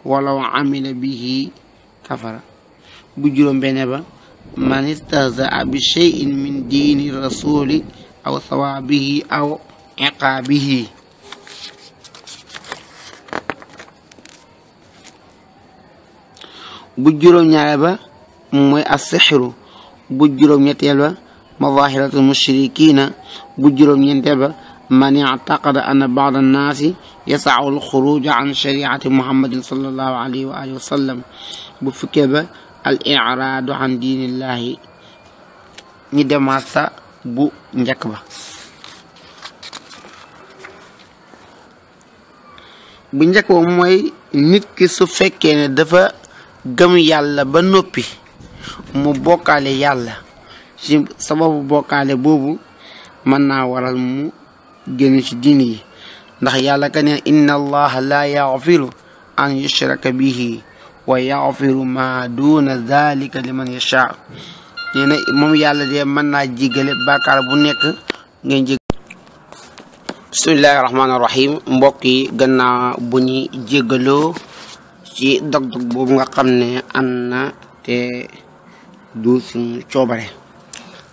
walaw amila bihi kafara bu juróom benn ba man istahzaa bi cheyin min diini rasuli aw sawaabihi aw iqaabihi bu juróom-ñaareel ba mooy assixru bu juróom-ñetteel ba madaahiratu mushrikiina bu juróom-ñeenteel ba man ictaqada anna bacda annaasi yasacu alxuruuja an shariicati muhammadin sallallahu alayhi wa alihi wa sallam bu fukkee ba al iraadu an diinillaahi ñi demaat sa bu njëkk ba bu njëkk ba mooy nit ki su fekkee ne dafa gëm yàlla ba noppi mu bokkaale yàlla ci sababu bokkaale boobu mën naa waral mu génn ci diini yi ndax yàlla ka ne inna allaha laa yaxfiru an yushraka bihi wa yaxfiru ma duna dalika liman yasha nee na moom yàlla de mën naa jégale bàkkaar bu nekk ngeen jég bismillahi rahmaani rahim mbokk yi gannaaw bu ñu jégaloo ci dog-dog boobu nga xam ne am na te du suñu coobare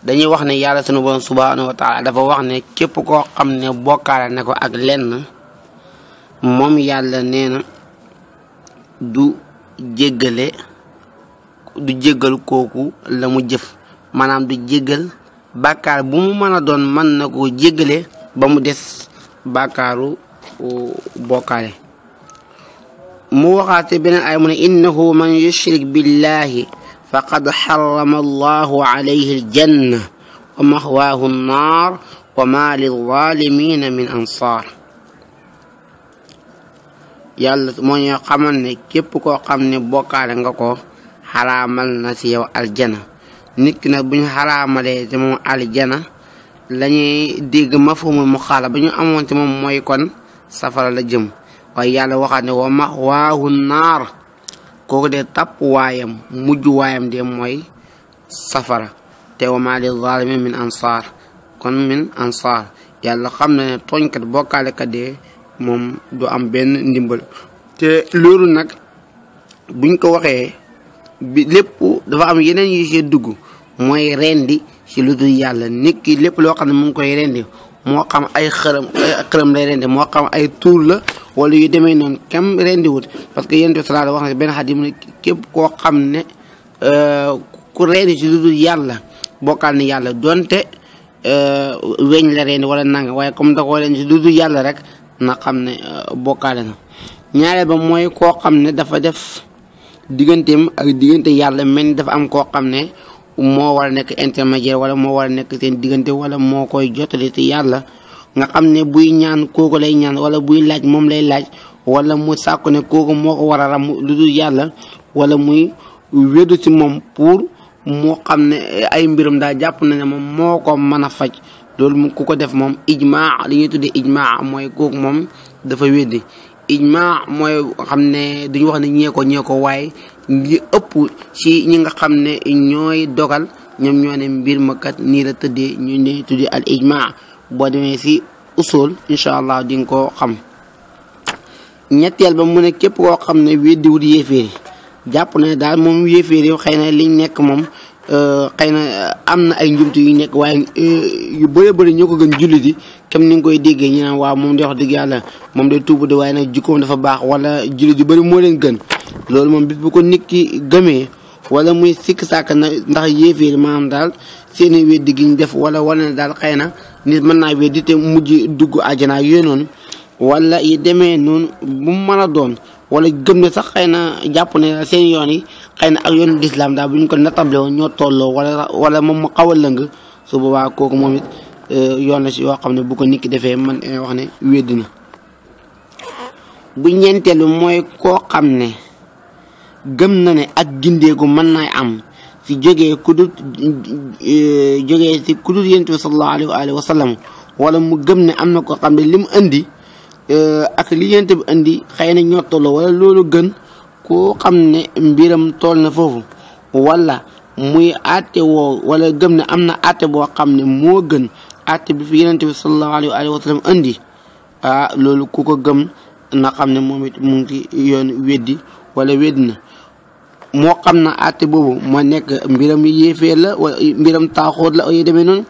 dañuy wax ne yàlla sunu borom subhanahu wa dafa wax ne képp koo xam ne bokkaale na ko ak lenn moom yàlla nee du jéggale du jéggal kooku la mu jëf maanaam du jéggal bàkkaar bu mu mën a doon mën na ko jéggale ba mu des bàkkaaru bokkaale mu waxaate beneen ay mu ne innahu man yushrik billahi faqad xarama allahu alayhi aljanna wa mahwaahu annaar wa ma lilzalimina min ansaar yàlla moo ñu xamal ne képp koo xam ne bokkaale nga ko xaraamal na si yow aljana nit ki nag bu ñu xaraamalee te moom aljana la ñuy dégg mafhumul mu xaala ba ñu amoon te moom mooy kon safara la jëm waaye yàlla waxaat ne wa ma'waahu naar kooku de tapp waayam mujj waayam de mooy safara te wa maa li zaalimiin min ansaar kon min ansaar yàlla xam na ne tooñkat bokkaalekat de moom du am benn ndimbal te loolu nag buñ ko waxee bi lépp dafa am yeneen yi see dugg mooy rendi ci lu dul yàlla nit ki lépp loo xam ne mu ngi koy rendi moo xam ay xërëm ay xërëm lay moo xam ay tuur la wala yu demee noonu kenn wut parce que yéen salaat wax na benn xadis mu ne képp koo xam ne euh, ku rendi ci lu dul yàlla bokkaal ni yàlla donte euh, weñ la rendi wala nanga waaye comme da koo rendi ci lu dul yàlla rek na xam ne euh, bokkaale na ñaareel ba mooy koo xam ne dafa def digganteem ak diggante yàlla mel ni dafa am koo xam ne moo war a nekk intermédiaire wala moo war a nekk seen diggante wala moo koy jottali te yàlla nga xam ne buy ñaan kooku lay ñaan wala buy laaj moom lay laaj wala mu sàkku ne kooku moo war a ram lu dul yàlla wala muy wédu ci moom pour mu xam ne eh, ay mbirum daa jàpp na ne moom moo ko mën a faj loolu ku ko def moom ijmaa li ñuy tuddee ijmaa mooy kooku moom dafa weddi ijmaa mooy xam ne duñu wax ne ñee ko ñee ko waaye ñi ëpp ci ñi nga xam ne ñooy dogal ñoom ñoo ne mbir ma kat nii la tëddee ñu ne tudd al ijmaa boo demee ci usul incha allah di nga ko xam ñetteel ba mu ne képp koo xam ne weddiwut yéeféeri jàpp na daal moom yéeféeri xëy na liñ nekk moom Euh, xëy na euh, am na ay njumtu yu nekk waaye euh, yu bëree bëri ñoo ko gën jullit yi comme ni nga koy déggee ñu naan waaw moom day wax dëgg yàlla moom day tuubu de waaye nag jikkoom dafa baax wala jullit yu bëri moo leen gën loolu moom bis bu ko nit ki gëmee wala muy sikk sàkk na ndax yéeféer maanaam daal seeni weddi gi ñu def wala wala na daal xëy na nit mën naa weddi te mujj dugg àjjana yooyu noonu wala yi demee noonu bu mu mën a doon wala gëm ne sax xëy na jàpp ne seen yoon yi xëy na ak yoon lislaam daal bu ñu ko nattable ñoo tolloo wala wala moom mu xaw a lëng su boobaa kooku moom it euh, yoon si yoo xam ne bu ko nit ki defee man wax ne wéddi na bu ñeenteelu mooy koo xam ne gëm na ne ak gindeeku mën naa am si jógee kudut euh, jógee si kudut yonent bi sallallahu alayhi wa wala mu gëm ne am na ko xam ne li mu indi Euh, ak li yent bi indi xëy na ñoo loolu gën koo xam ne mbiram tool na foofu wala muy àtte woo wala gëm ne am na ate boo xam ne moo gën àtte bi fi yonent bi sallallahu alayhi indi ah, loolu ku gëm na xam ne moom it mu ngi wala weddi na moo xam na ate boobu ma nekk mbiram yéeféer la wala mbiram taaxóot la ay demee noonu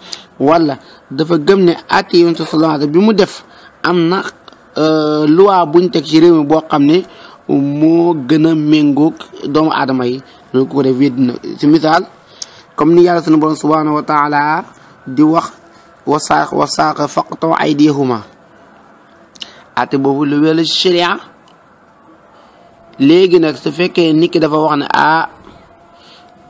walla dafa gëm ne àtte yoon sallallahu bi mu def am na Euh, loi buñ teg ci réew mi boo xam ne moo gën a méngoog doomu aadama yi loolu ko def wédd na misaal comme ni yàlla sunu borom subhanahu wa taala di wax wasaax wasaax faqtoo aydihuma ate boobu lu wéla sharia léegi nag su fekkee nit dafa wax ne ah,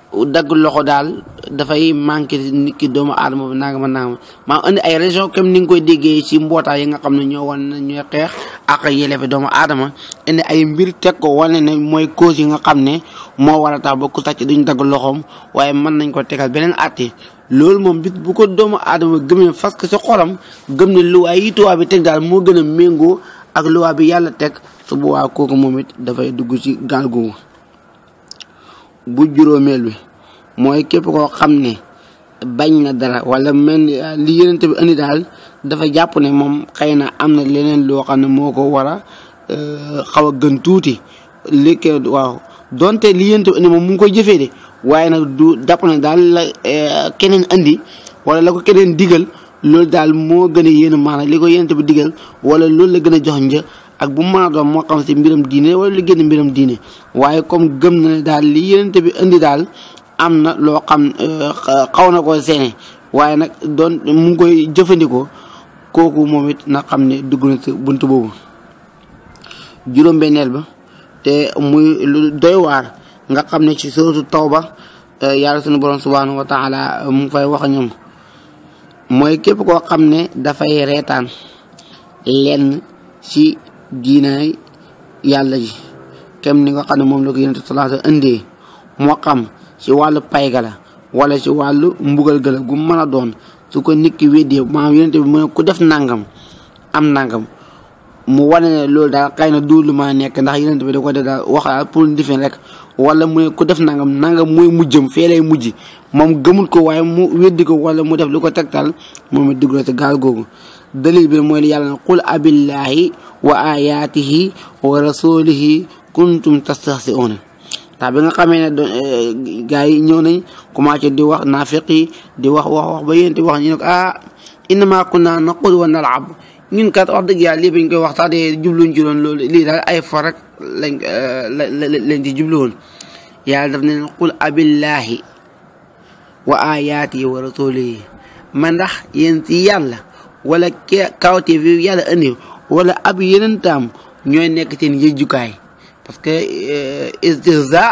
dagg loxo daal dafay manqué nit ki doomu aadama bi nangama nangama maa indi ay raison comme ni nga koy déggee ci mbootaay yi nga xam ne ñoo wan ne ñooy xeex ak yelefe doomu aadama indi ay mbir teg ko wane ne mooy cause yi nga xam ne moo war a tax ba ku sàcc duñ dagg loxoom waaye mën nañ ko tegal beneen àtte loolu moom bit bu ko doomu aadama gëmee parce que sa xolam gëm ne luwaa yi tuwaa bi teg daal moo gën a méngoo ak luwaa bi yàlla teg su boobaa kooku moom it dafay dugg ci gaal googu bu juróomeel bi mooy képp koo xam ne bañ na dara wala mel ah, li yonent bi indi daal dafa jàpp ne moom xëy na am na leneen loo xam ne moo ko war a euh, xaw a gën tuuti li ke waaw donte li yonent bi indi moom mu ngi koy jëfee de waaye nag du jàpp ne daal la euh, keneen indi wala la ko keneen digal loolu daal moo gën a yéen maanaam li ko yonent bi digal wala loolu la gën a jox një ak bu mu mën a doon moo xam si mbiram diine wala lu génn mbiram diine waaye comme gëm na ne daal li yenente bi indi daal am na loo xam euh, xaw na ko seene waaye nag doon mu ngi koy jëfandikoo kooku moom it na xam ne dugg na ci bunt boobu juróom-benneel ba te muy lu doy waar nga xam ne ci suratu tawba euh, yàlla sunu borom subhanahu wa taala euh, mu fay wax ñoom mooy képp koo xam ne dafay reetaan lenn ci diine yàlla ji kem ni nga xam ne moom la ko yonent salaasa indee moo xam si wàllu payga la wala ci wàllu mbugal gala gu mën a doon su ko nikki ki weddee maanaam yonent bi mu ne ku def nangam am nangam mu wane loolu daal xëy na duur lu ma nekk ndax yonent bi da ko def daal wax daal rek wala mu ku def nangam nangam mooy mujjëm fee lay mujj moom gëmul ko waaye mu weddi ko wala mu def lu ko tegtal moom it dugg ci gaal googu dalil bi mooy yàlla ne qul abillaahi wa ayaatihi wa rasulihi kuntum tastahzi'uun ndax bi nga xamee ne eh, gaa yi ñëw nañ commencé di wax naafiq yi di wax wax wax ba wax ñu ne ko ah innama kunna naqul wa a ñun kat wax dëgg yàlla lii bañ koy waxtaanee jubluñ ci doon lii daal ay fo rek lañ eh, lañ ci jubluwoon yàlla daf ne leen qul abillaahi wa ayaatihi wa rasulihi ma ndax yéen ci yàlla wala kawteef yooyu yàlla indi wala ab yeneen taam ñooy nekk seen yëjjukaay parce que euh, istihza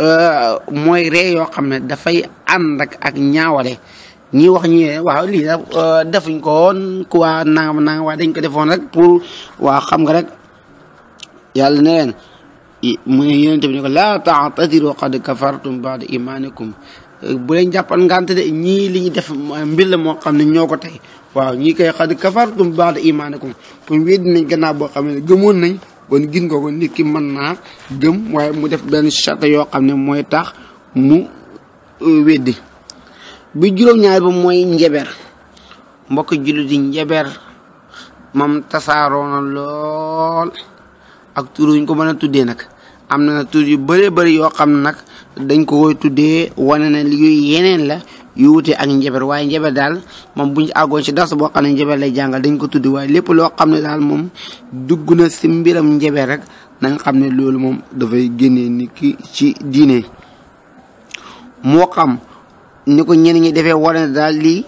euh, mooy ree yoo xam ne dafay ànd ak ak ñaawale ñi wax ñi waaw lii nag euh, defuñ ko woon quoi nangam nangam waaye dañ ko defoon rek pour waa xam nga rek yàlla ne leen mu ne yonent bi ne ko laa taatadiru qad kafartum baada imaanikum bu leen jàppal ngante de ñii li def mbir moo xam ne ñoo ko tey waaw ñii koy xad kafartum baada imaanikum kon weddi nañ gannaaw boo xam ne gëmoon nañ kon gis nga ko nit mën naa waaye mu def benn charte yoo xam ne mooy tax mu euh, weddi bi juróom-ñaar ba mooy njeber mbokk jullit di njeber mam tasaaroo na lool ak turuñ ko mën a tuddee nag am na na tur yu bare bëri yoo xam nag dañ ko koy tuddee wane na li yooyu yeneen la yu wute ak njabar waaye njabar daal moom bu ñu àggoon ci das boo xam ne njabar lay jàngal dañ ko tudd waaye lépp loo xam ne daal moom dugg na si mbiram njabar rek na nga xam ne loolu moom dafay génnee ni ki ci diine moo xam ni ko ñenn ñi defee wane daal lii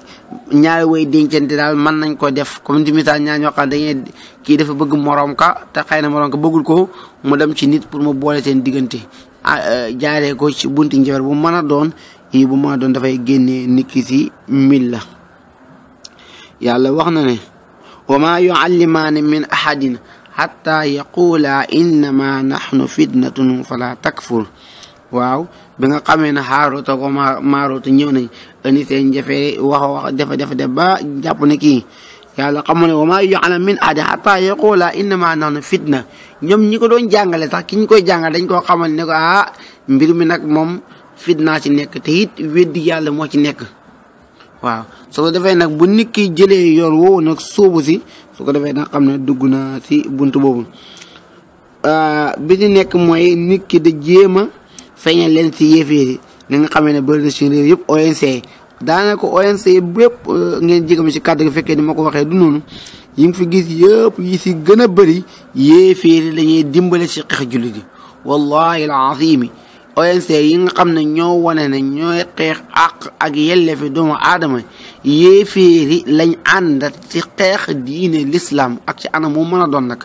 ñaari way dencante daal mën nañ ko def comme ci misaal ñaar ñoo xam kii dafa bëgg morom ka te xëy na morom ka bëggul ko mu dem ci nit pour mu boole seen diggante euh, jaare ko ci bunti njabar bu mën a doon yi bu mën doon dafay génne nit ki si mil la yàlla wax na ne wa maa yuallimaani min ahadin xatta yaquulaa innama naxnu fitnatun fala takfur waaw bi nga xamee ne xaaroota ko maaroota ñëw nañ indi seen jafe wax wax defe defe def ba jàpp ne kii yàlla xamu ne wa maa yu'lam min ahadin hattaa yaquula innamaa nahnu fitna ñoom ñi ko doon jàngale sax ki ñu koy jàngal dañ koo xamal ne ko ah mbir mi nag moom fitna ci nekk te it weddi yàlla moo ci nekk waaw soo defee nag bu nit ki jëlee yoon woowu nag sóobu si su ko defee nag xam ne dugg na si bunt boobu ah, bi di nekk mooy nit ki da jéem a feeñal leen si yéeféeri li nga xamee ne bëri na ci réew yëpp ONC daanaka ONC yëpp euh, ngeen jégam si kàddu gi fekkee di moo ko waxee du noonu yi nga fi gis yëpp yi si gën a bëri yéeféeri lañuy dimbale ci xeex jullit yi wallahi alazimi ONC yi nga xam ne ñoo wane ne ñoo xeex àq ak yelleefi doomu aadama yéeféeri lañ ànd ci xeex diine l'islam ak ci anam moom mën a doon nag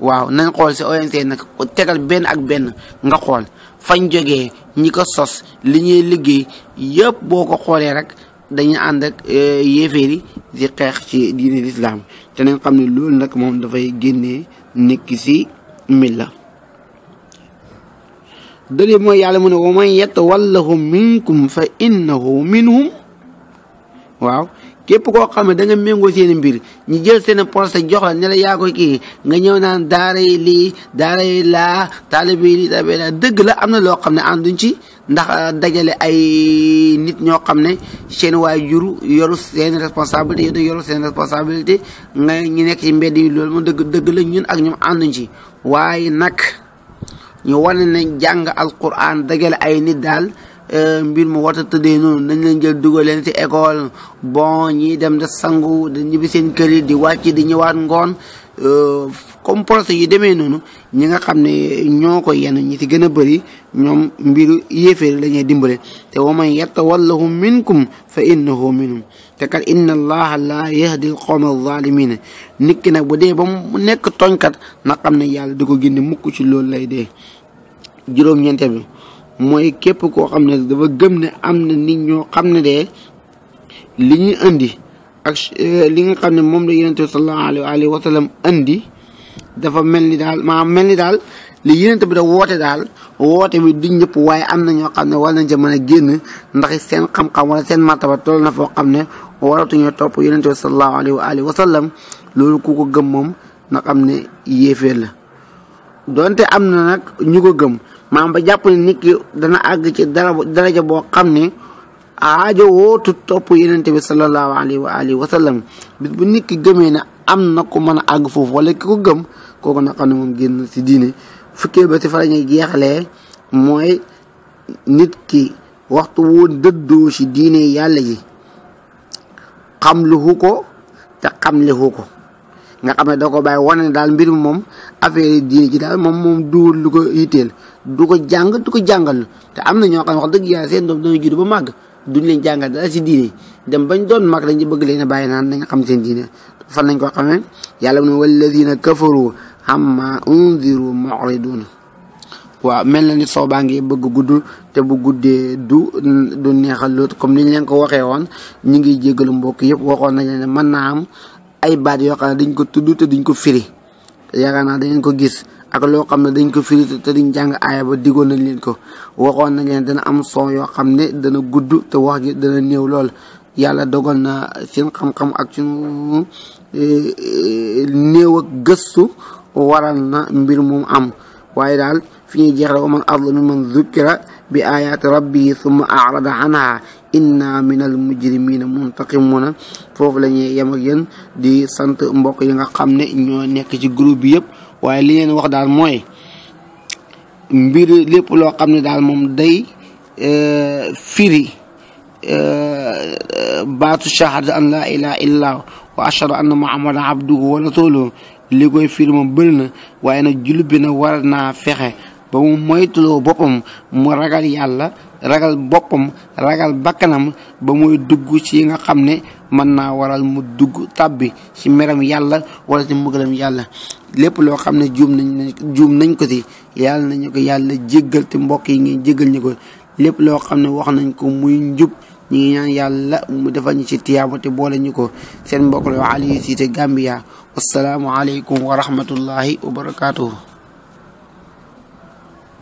waaw nañ xool si ONC nag tegal benn ak benn nga xool fañ jógee ñi ko sos li ñuy liggéey yëpp boo ko xoolee rek dañu ànd ak euh, yéeféer yi xeex ci diine lislaam te nañ xam ne loolu nag moom dafay génnee nekk si milla dëgg mooy yàlla mu ne wa man yatawallahu minkum fa innahu minhum waaw képp koo xam ne da nga méngoo seen mbir ñu jël seen procès jox la ne la kii nga ñëw naan daara yi lii daara yi laa taalibe yi lii taalibe yi dëgg la am na loo xam ne ànduñ ci ndax euh, dajale ay nit ñoo xam ne seen waajur yoru seen responsabilité yow yoru seen responsabilité nga ñi nekk ci mbedd yi loolu moom dëgg dëgg la ñun ak ñoom ànduñ ci waaye nag ñu wane ne jàng alquran dajale ay nit daal Euh, mbir mu war a tëddee noonu nañ leen jël dugal leen ci école bon ñiy dem da sangu da ñibbi seen kër yi di wàcc di ñëwaat ngoon euh, comme projet yi demee noonu ñi nga xam ne ñoo ko yenn ñi ci gën a bëri ñoom mbir yéeféer lañuy ñuy dimbale te wa man yatawallahum minkum fa innahu minhum te kat inna allaha la yahdi al qawma zalimina nit ki nag bu dee ba mu nekk tooñkat na xam ne yàlla di ko génne mukk ci loolu lay dee juróom-ñeente bi mooy képp koo xam ne dafa gëm ne am na nit ñoo xam ne de li ñu indi ak eh, li nga xam ne moom la yonent bi sallallahu alayhi indi dafa mel ni daal maa mel ni daal li yonent bi da woote daal woote bi du ñëpp waaye am na ñoo xam ne war nañ ca mën a génn ndax seen xam-xam wala seen martaba toll na foo xam ne waratuñoo topp yonent bi sallallahu alayhi wa sallam loolu ku ko gëm moom na xam ne yéeféer la donte am na nag ñu ko gëm maanaam ba jàpp ne nit dana àgg ci dara boo xam ne aajo wootu topp yenente bi sallallahu alayhi wa alihi wa sallam bis bu nit ki gëmee na am na ko mën a àgg foofu wala ki ko gëm kooku na xam ne si diine fukkee ba si fa lañuy mooy nit ki waxtu woo dëddoo si diine yàlla ji xam luhu ko te xam lihu ko nga xam ne da ko bàyyi wane ne daal mbir moom a yi diine ji daal moom moom duwul lu ko yitteel du ko jàng du ko jàngal te am na ñoo xam ne wax dëgg yàlla seen doom màgg duñ leen jàngal dara si diine dem bañ doon màgg dañuy bëgg leen a bàyyi naan dañ xam seen diine fan lañ ko xamee yàlla mu ne walladina kafaru amma unziru mu'ridun waaw mel na ni soo baa ngi bëgg gudd te bu guddee du neexal loot comme ni ñu leen ko waxee woon ñu ngi jégalu mbokk yëpp waxoon nañ ne mën naa ay baat yoo xam ne dañ ko tudd te duñ ko firi yaakaar naa dangeen ko gis ak loo xam ne dañ ko firi te duñ jàng aaya ba diggoon na leen ko waxoon na leen dana am son yoo xam ne dana gudd te wax ji dana néew lool yàlla dogal na sin xam-xam ak suñu eh, eh, néew ak gëstu waral na mbir moom am waaye daal fi ñuy jeexal wa man adlamu mimman zukkira bi ayaati rabbihi summa arada anha inna minal mujrimina na foofu la ñuy yem ak yéen di sant mbokk yi nga xam ne ñoo nekk ci groupe bi yëpp waaye li leen wax daal mooy mbir lépp loo xam ne daal moom day euh, firi euh, baatu shahada an laa ilaha illah wa moom bëri na waaye nag jullit bi nag war naa fexe ba mu moytuloo boppam mu ragal yàlla ragal boppam ragal bakkanam ba muy dugg ci nga xam ne mën naa waral mu dugg tàbbi ci meram yàlla wala ci mbugalam yàlla lépp loo xam ne juum nañ juum nañ ko ci yàlla nañu ko yàlla jéggal te mbokk yi ngeen jéggal ñu ko lépp loo xam ne wax nañ ko muy njub ñu ngi ñaan yàlla mu defal ñu ci tiyaaba te boole ñu ko seen mbokk la Aliou Cissé Gambia wasalaamualeykum wa rahmatullahi wa barakaatuhu